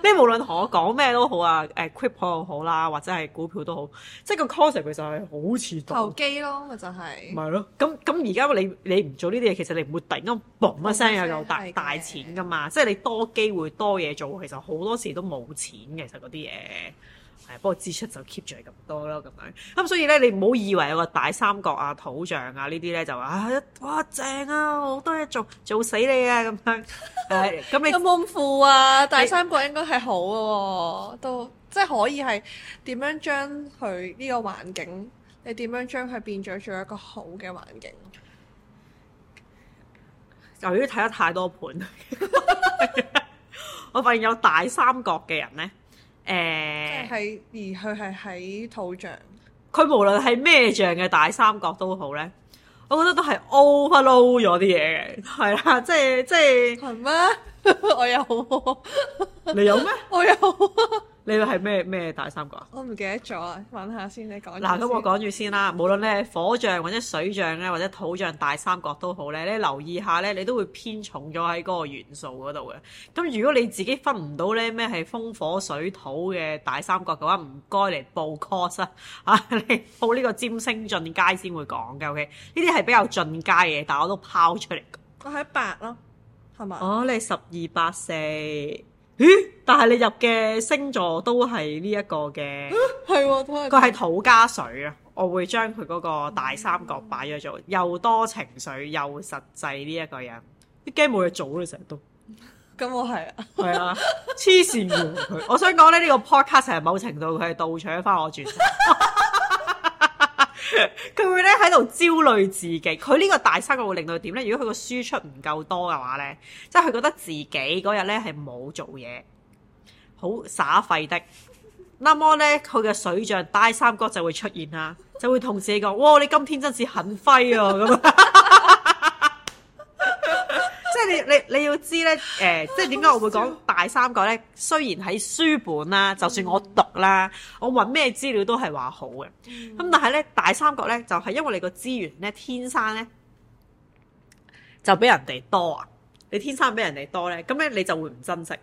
你無論同我講咩都好啊，誒，crypto 又好啦，或者係股票都好，即係個 concept 其實係好似賭。投機咯，就是，咪就係咪咯？咁咁而家你你唔做呢啲嘢，其實你唔會突然間嘣一聲又有大大錢噶嘛？的即係你多機會多嘢做，其實好多時都冇錢。其實嗰啲嘢。不過支出就 keep 住咁多咯，咁樣。咁、嗯、所以咧，你唔好以為有個大三角啊、土象啊呢啲咧就話啊，哇，正啊，好多嘢做，做死你啊咁樣。咁、 嗯、你咁豐富啊，是大三角應該係好嘅、啊、喎，都即係可以係點樣將佢呢個環境？你點樣將佢變咗做一個好嘅環境？就由於睇得太多盤， 我發現有大三角嘅人咧。誒，欸、即係而佢係喺土象，佢無論係咩象嘅大三角都好咧，我覺得都係 overload 咗啲嘢嘅，係啦，即係即係係咩？就是 我有了， 你有咩？ 我有了笑你，你哋係咩咩大三角啊？我唔記得咗啊，問下先下。你講嗱，咁我講住先啦。無論你係火象或者水象咧，或者土象大三角都好咧，你留意下咧，你都會偏重咗喺嗰個元素嗰度嘅。咁如果你自己分唔到咧，咩係風火水土嘅大三角嘅話，唔該嚟報 cos 啊，吓嚟報呢個占星進階先會講嘅。OK，呢啲係比較進階嘅，但我都拋出嚟。我喺白咯。哦，你十二八四，咦？但係你入嘅星座都係呢一個嘅，係佢係土加水啊！我會將佢嗰個大三角擺咗做又多情緒又實際呢一個人，啲驚冇嘢做你成日都。咁、 嗯、我係啊，係 啊，黐線嘅佢。我想講咧呢、這個 podcast 係某程度佢係盜取翻我轉。 佢 會咧喺度焦慮自己，佢呢個大三角會令到點呢？如果佢個輸出唔夠多嘅話呢，即係佢覺得自己嗰日呢係冇做嘢，好灑廢的。那麼呢，佢嘅水象大三角就會出現啦，就會同自己講：哇，你今天真係很輝啊！咁啊。 你你你要知咧，誒，即係點解我會講大三角咧？雖然喺書本啦，就算我讀啦，我搵咩資料都係話好嘅。咁但係咧，大三角咧就係因為你個資源咧天生咧就比人哋多啊！你天生比人哋多咧，咁咧你就會唔珍惜。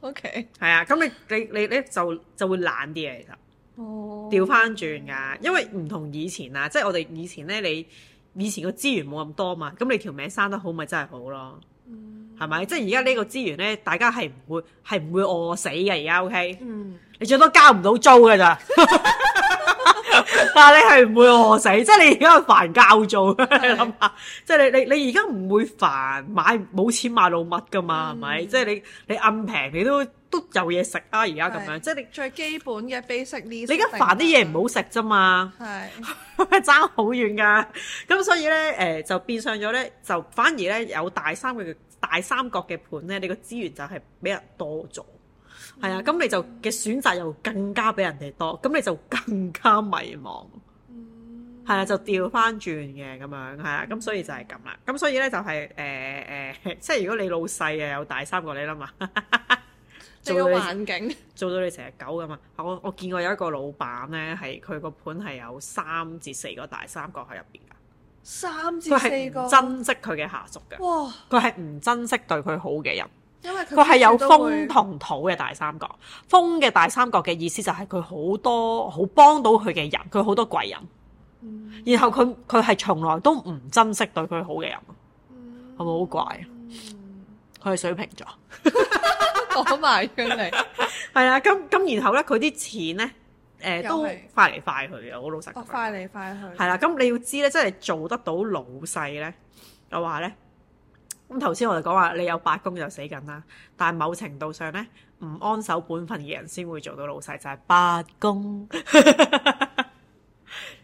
OK，係啊，咁你你你咧就就會懶啲嘅，其實。哦。調翻轉噶，因為唔同以前啊，即係我哋以前咧，你。以前個資源冇咁多嘛，咁你條命生得好咪真係好咯，係咪、嗯？即係而家呢個資源咧，大家係唔會係唔會餓死嘅而家屋企，okay? 嗯、你最多交唔到租噶咋，但係你係唔會餓死，即係你而家煩交租，你諗下、嗯，即係你你你而家唔會煩買冇錢買老乜噶嘛，係咪？即係你你暗平你都。都有嘢食啊！而家咁樣，是即係你最基本嘅 basic 是 呢？你而家煩啲嘢唔好食啫嘛，爭好遠噶。咁所以咧，誒就變相咗咧，就反而咧有大三角嘅大三角嘅盤咧，你個資源就係比人多咗，係、嗯、啊。咁你就嘅選擇又更加比人哋多，咁你就更加迷茫。係、嗯、啊，就掉翻轉嘅咁樣，係啊。咁所以就係咁啦。咁所以咧就係誒誒，即係如果你老細啊有大三角你啦嘛。 做環境做到，做到你成日狗咁嘛。我我見過有一個老闆呢，係佢個盤係有三至四個大三角喺入邊噶，三至四個，珍惜佢嘅下屬嘅。哇！佢係唔珍惜對佢好嘅人，因為佢係有風同土嘅大三角，風嘅大三角嘅意思就係佢好多好幫到佢嘅人，佢好多貴人，嗯、然後佢佢係從來都唔珍惜對佢好嘅人，係咪好怪啊？嗯佢係水瓶座 出來， 講埋佢嚟，係啦。咁咁，然後咧，佢啲錢咧，誒、呃、都快嚟快去嘅，好老實講。快嚟快去。係啦， 咁你要知咧，真係做得到老細咧，呢我話咧，咁頭先我哋講話，你有八宮就死緊啦。但係某程度上咧，唔安守本分嘅人先會做到老細，就係、是、八宮。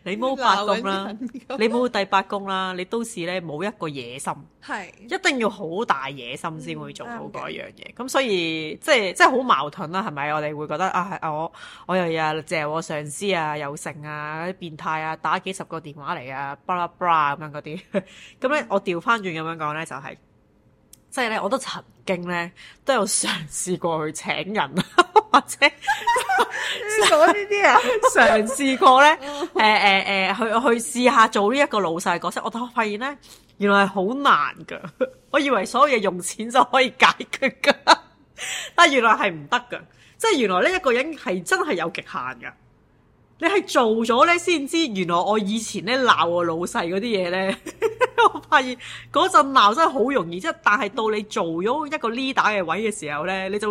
你冇八宮啦，人 你冇第八宮啦，你都是咧冇一個野心，係是一定要好大野心先會做好嗰、嗯、樣嘢。咁、嗯、所以即係即係好矛盾啦，係咪？我哋會覺得啊，我我又要謝我上司啊、有性啊啲變態啊，打幾十個電話嚟啊，巴拉巴拉、啊、咁 呢、嗯、樣嗰啲。咁咧我調翻轉咁樣講咧，就係、是就是、即係咧我都曾經咧都有嘗試過去請人，或者呢啲 啊，嘗試過咧，誒誒誒，去去試下做呢一個老細角色，我都發現咧，原來係好難噶。我以為所有嘢用錢就可以解決噶，但原來係唔得噶。即係原來呢一個人係真係有極限噶。你係做咗呢，先知，原來我以前呢鬧我老細嗰啲嘢呢。呢 我發現嗰陣鬧真係好容易，即係但係到你做咗一個 leader 嘅位嘅時候呢，你就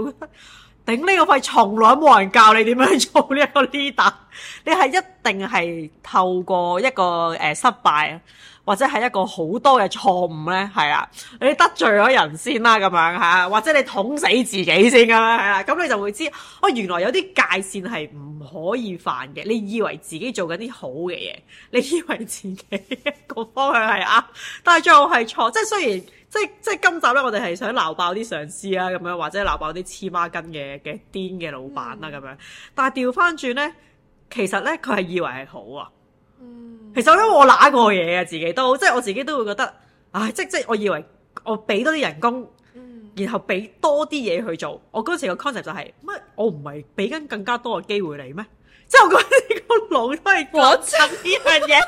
頂呢個肺，從來冇人教你點樣做呢一個 leader， 你係一定係透過一個誒、呃、失敗。或者係一個好多嘅錯誤咧，係啊，你得罪咗人先啦，咁樣嚇，或者你捅死自己先啦，係啊，咁你就會知，哦，原來有啲界線係唔可以犯嘅。你以為自己做緊啲好嘅嘢，你以為自己一個方向係啱，但係最後係錯。即係雖然，即係即係今集咧，我哋係想鬧爆啲上司啊，咁樣或者鬧爆啲黐孖筋嘅嘅癲嘅老闆啦，咁樣，但係調返轉咧，其實咧佢係以為係好啊。嗯，其實因為我揦過嘢啊，自己都即係我自己都會覺得，唉，即即係，我以為我俾多啲人工，然後俾多啲嘢去做，我嗰時個 concept 就係乜我唔係俾緊更加多嘅機會你咩？即係我嗰時個腦都係講緊呢樣嘢，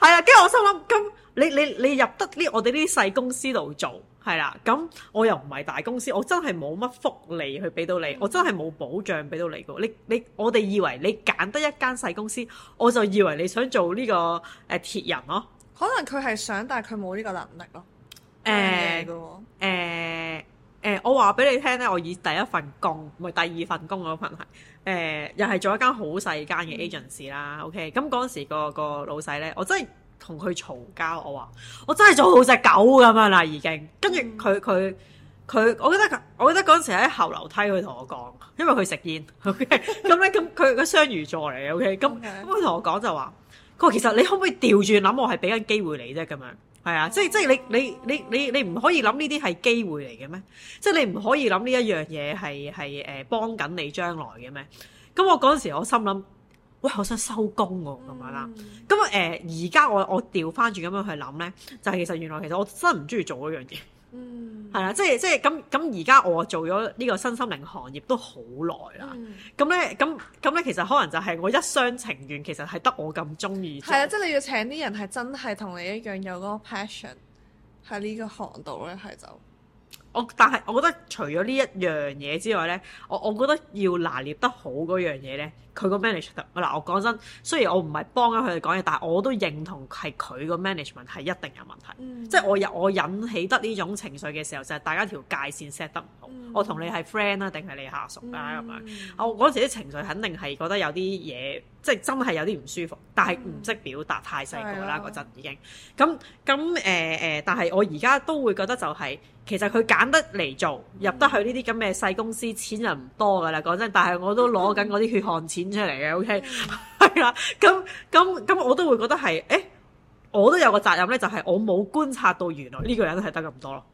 係啊， 跟住我心諗，咁你你你，你入得呢我哋呢啲細公司度做？係啦，咁我又唔係大公司，我真係冇乜福利去俾到你，嗯、你，你，你，我真係冇保障俾到你噶。你你我哋以為你揀得一間細公司，我就以為你想做呢、這個誒鐵、呃、人咯、哦。可能佢係想，但係佢冇呢個能力咯。誒、呃，誒、哦，誒、呃呃呃，我話俾你聽咧，我以第一份工唔係第二份工嗰份係，誒、呃，又係做一間好細間嘅 agency 啦。嗯、OK，咁嗰時、那個、那個老細咧，我真係。同佢嘈交，我話我真係做好隻狗咁樣啦，已經。跟住佢佢佢，我覺得我覺得嗰陣時喺後樓梯佢同我講，因為佢食煙。咁咧咁佢個雙魚座嚟嘅，O K，咁咁佢同我講就話佢話其實你可唔可以調轉諗？我係俾緊機會你啫，咁樣係啊，即即你你你你你唔可以諗呢啲係機會嚟嘅咩？即你唔可以諗呢一樣嘢係係誒幫緊你將來嘅咩？咁我嗰陣時我心諗。好想收工喎咁樣啦，咁誒而家我我調翻轉咁樣去諗呢，就係、是、其實原來其實我真係唔中意做嗰樣嘢，嗯，係啦，即係即係咁咁而家我做咗呢個身心靈行業都好耐啦，咁、嗯、呢，咁咁咧其實可能就係我一廂情願，其實係得我咁中意，係啊，即係你要請啲人係真係同你一樣有嗰個 passion 喺呢個行度呢，係就。我但係，我覺得除咗呢一樣嘢之外咧，我我覺得要拿捏得好嗰樣嘢咧，佢個 manage 得嗱，我講真，雖然我唔係幫緊佢哋講嘢，但係我都認同係佢個 management 係一定有問題。嗯、即係我引我引起得呢種情緒嘅時候，就係、是、大家條界線 set 得唔好。嗯、我同你係 friend 啦、啊，定係你下屬啦、啊、咁、嗯、樣。我嗰時啲情緒肯定係覺得有啲嘢。即係真係有啲唔舒服，但係唔識表達，太細個啦嗰陣已經。咁咁誒誒，但係我而家都會覺得就係、是，其實佢揀得嚟做入得去呢啲咁嘅細公司，錢又唔多噶啦。講真，但係我都攞緊嗰啲血汗錢出嚟嘅。OK，係啦。咁咁咁，Okay? 我都會覺得係，誒、欸，我都有個責任咧，就係我冇觀察到原來呢個人係得咁多咯。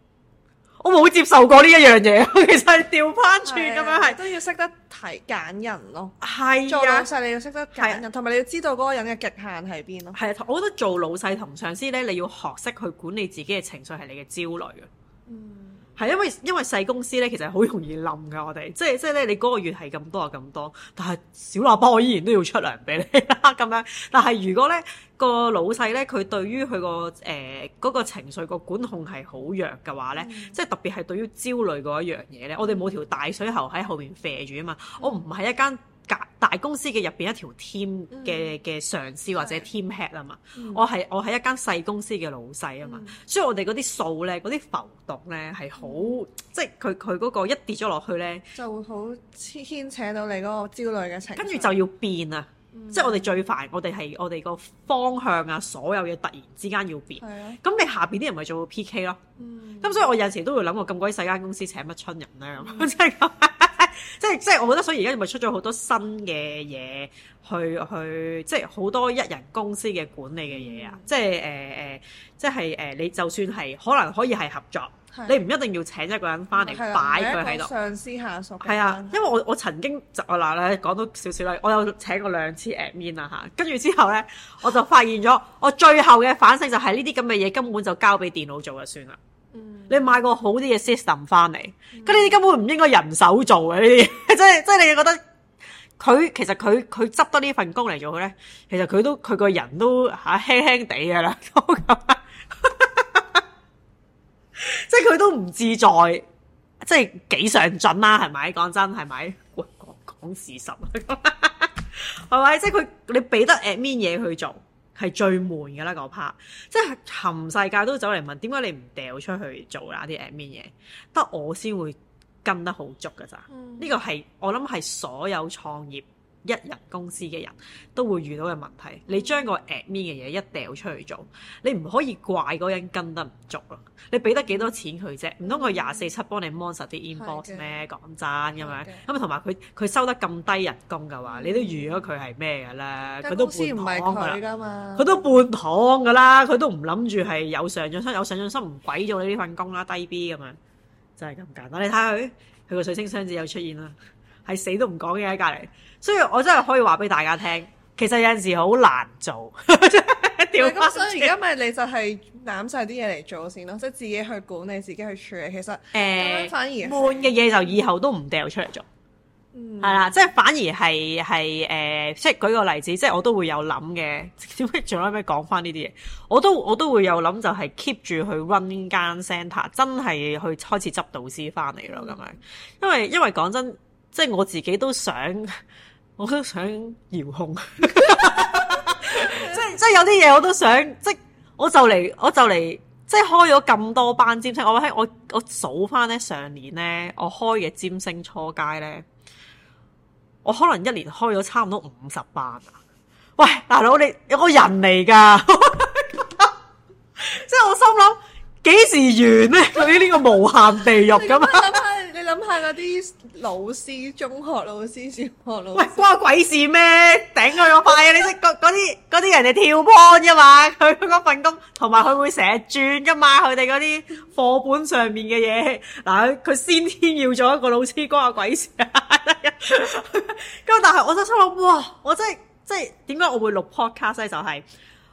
我冇接受過呢一樣嘢，其實係掉翻轉咁樣，係、啊、是都要識得睇揀人咯。係啊，做老細你要識得揀人，同埋、啊、你要知道嗰個人嘅極限喺邊咯。係啊，我覺得做老細同上司咧，你要學識去管理自己嘅情緒，係你嘅焦慮嘅。嗯，係因為因為細公司咧，其實好容易冧噶。我哋即係即係咧，你嗰個月係咁多啊咁多，但係小喇叭我依然都要出糧俾你啦咁樣。 但係如果咧。.個老細咧，佢對於佢、呃那個誒嗰情緒個管控係好弱嘅話咧，嗯、即係特別係對於焦慮嗰一樣嘢咧，嗯、我哋冇條大水喉喺後面射住啊嘛，嗯、我唔係一間大公司嘅入邊一條 team 嘅嘅上司或者 team head 啊嘛，嗯、我係我係一間細公司嘅老細啊嘛，嗯、所以我哋嗰啲數咧，嗰啲浮動咧係好，嗯、即係佢佢嗰個一跌咗落去咧，就會好牽扯到你嗰個焦慮嘅情，跟住就要變啊。即係我哋最煩，我哋係我哋個方向啊，所有嘢突然之間要變，咁的你下邊啲人咪做 P K 咯，咁、嗯、所以我有陣時都會諗過，我咁鬼細間公司請乜春人咧，即係咁。 即係即係，我覺得所以而家咪出咗好多新嘅嘢去去，即係好多一人公司嘅管理嘅嘢啊！即係誒誒，即係誒你就算係可能可以係合作，的你唔一定要請一個人翻嚟擺佢喺度，上司下屬係啊，因為我我曾經我嗱咧講多少少咧，我有請過兩次 admin 啊嚇，跟住之後咧，我就發現咗 我最後嘅反省就係呢啲咁嘅嘢根本就交俾電腦做就算啦。你買個好啲嘅 system 翻嚟，咁呢、嗯、根本唔應該人手做嘅呢啲嘢，即係即係你覺得佢其實佢佢執得呢份工嚟做咧，其實佢都佢個人都嚇、啊、輕輕地嘅啦，即係佢都唔自在，即係幾上進啦，係咪？講真係咪？喂，講講事實，係 咪？ 即係佢你俾得 admin 嘢去做。係最悶嘅啦嗰 part，即係冚世界都走嚟問點解你唔掉出去做啦啲 admin 嘢，得我先會跟得好足㗎咋。呢、嗯、個係我諗係所有創業。一人公司嘅人都會遇到嘅問題。你將個 at me 嘅嘢一掉出去做，你唔可以怪嗰個人跟得唔足咯。你俾得幾多錢佢啫？唔通佢廿四七幫你 mon 實啲 inbox 咩？講真咁樣咁啊，同埋佢佢收得咁低人工嘅話，你都預咗佢係咩㗎啦？佢都半躺㗎嘛，佢都半躺㗎啦。佢都唔諗住係有上進心，有上進心唔鬼做你呢份工啦，低 B 咁樣真係咁簡單。你睇下佢佢個水星雙子又出現啦，係死都唔講嘅喺隔離。所以，我真係可以話俾大家聽，其實有陣時好難做。掉 翻正，所以而家咪你就係攬晒啲嘢嚟做先咯，即係自己去管理，自己去處理。其實誒，反而、呃、悶嘅嘢就以後都唔掉出嚟做，係啦、嗯，即係反而係係誒，即係舉個例子，即係我，我，我都會有諗嘅。點解仲攞咩講翻呢啲嘢？我都我都會有諗，就係 keep 住去 run 間 center，真係去開始執導師翻嚟咯，咁樣。因為因為講真，即係我自己都想。我都想遙控 即，即係有啲嘢我都想，即我就嚟我就嚟，即係開咗咁多班占星。我喺我我數翻咧上年呢，我開嘅占星初階呢，我可能一年開咗差唔多五十班啊！喂大佬，你有個人嚟噶，即係我心諗幾時完呢？咧？對於呢個無限地獄咁啊！諗下嗰啲老師，中學老師、小學老師，喂關我鬼事咩？頂佢個肺啊！你識嗰啲啲人哋跳波啊嘛，佢份工同埋佢會成日轉噶嘛，佢哋嗰啲課本上面嘅嘢嗱，佢先天要做一個老師，關我鬼事咁 但係我真心諗哇，我真係即係點解我會錄 podcast 咧？就係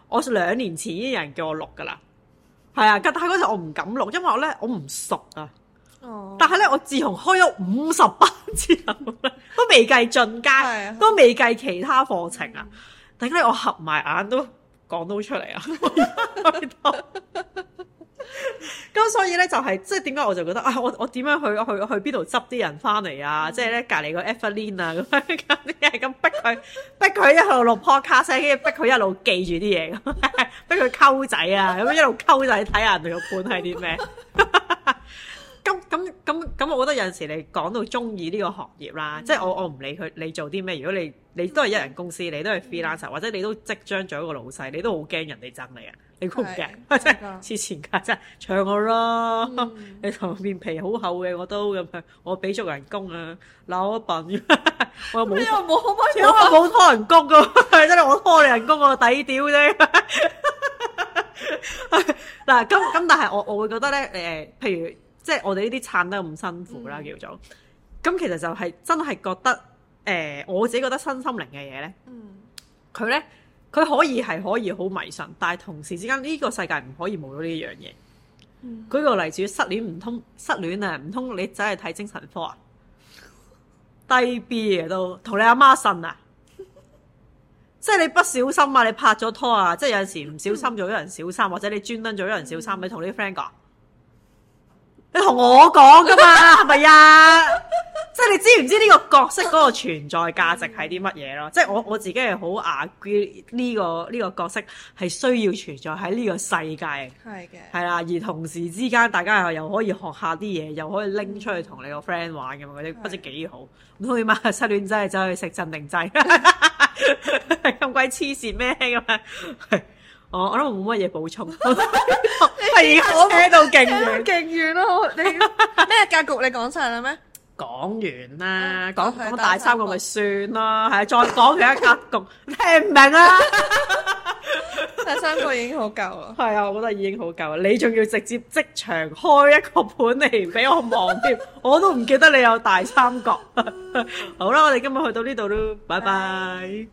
我兩年前已經有人叫我錄噶啦，係啊，但係嗰時我唔敢錄，因為我咧我唔熟啊。但係咧，我自從開咗五十班之後咧，都未計進階，都未計其他課程啊！頂你我合埋眼都講到出嚟啊！咁、哎、所以咧就係、是、即係點解我就覺得啊、哎，我我點樣去去去邊度執啲人翻嚟啊？即係咧隔籬個 Everline 啊咁樣，咁係咁逼佢逼佢一路錄 podcast，跟住逼佢一路記住啲嘢，逼佢溝仔啊，咁一路溝仔睇下人哋個盤係啲咩。咁咁咁咁，我覺得有陣時你講到中意呢個行業啦，即係我我唔理佢你做啲咩，如果你你都係一人公司，你都係 freelancer，或者你都即將做一個老細，你都好驚人哋憎你啊！你估唔驚真係黐線噶，真係唱我咯！你頭面皮好厚嘅我都咁，我俾足人工啊，嗱我笨，我又冇冇冇拖人工噶，真係我拖你人工我抵屌啫。嗱咁咁，但係我我會覺得咧，誒譬如。即係我哋呢啲撐得咁辛苦啦，叫做咁，其實就係真係覺得誒、呃，我自己覺得身心靈嘅嘢咧，佢咧佢可以係可以好迷信，但係同時之間呢個世界唔可以冇咗呢樣嘢。嗯、舉個例子失戀，失戀唔通失戀啊？唔通你走去睇精神科啊？低 B 啊都同你阿媽呻啊？ 即係你不小心啊？你拍咗拖啊？即係有時唔小心做咗人小三，嗯、或者你專登做咗人小三，你同啲 friend 講。你同我講噶嘛，係咪呀？即、就、係、是、你知唔知呢個角色嗰個存在價值係啲乜嘢咯？即係、嗯、我我自己係好 agree 呢個呢、呢個角色係需要存在喺呢個世界。係嘅的，係啦。而同時之間，大家又又可以學下啲嘢，又可以拎出去同你個 friend 玩咁，或者、嗯、不知幾好。唔通要買失戀真係走去食鎮定劑咁鬼黐線咩咁？ 我我諗冇乜嘢補充，係而家我企喺度勁遠勁遠咯， 架架你咩格局你講晒啦咩？講 完啦，講講、 嗯、大三角咪算啦，係 再講佢嘅格局，你聽唔明啊？大 三角已經好夠啦，係啊， 我覺得已經好夠啦。你仲要直接即場開一個盤嚟俾我望添， 我都唔記得你有大三角。 好啦，我哋今日去到呢度都。拜拜。聽歌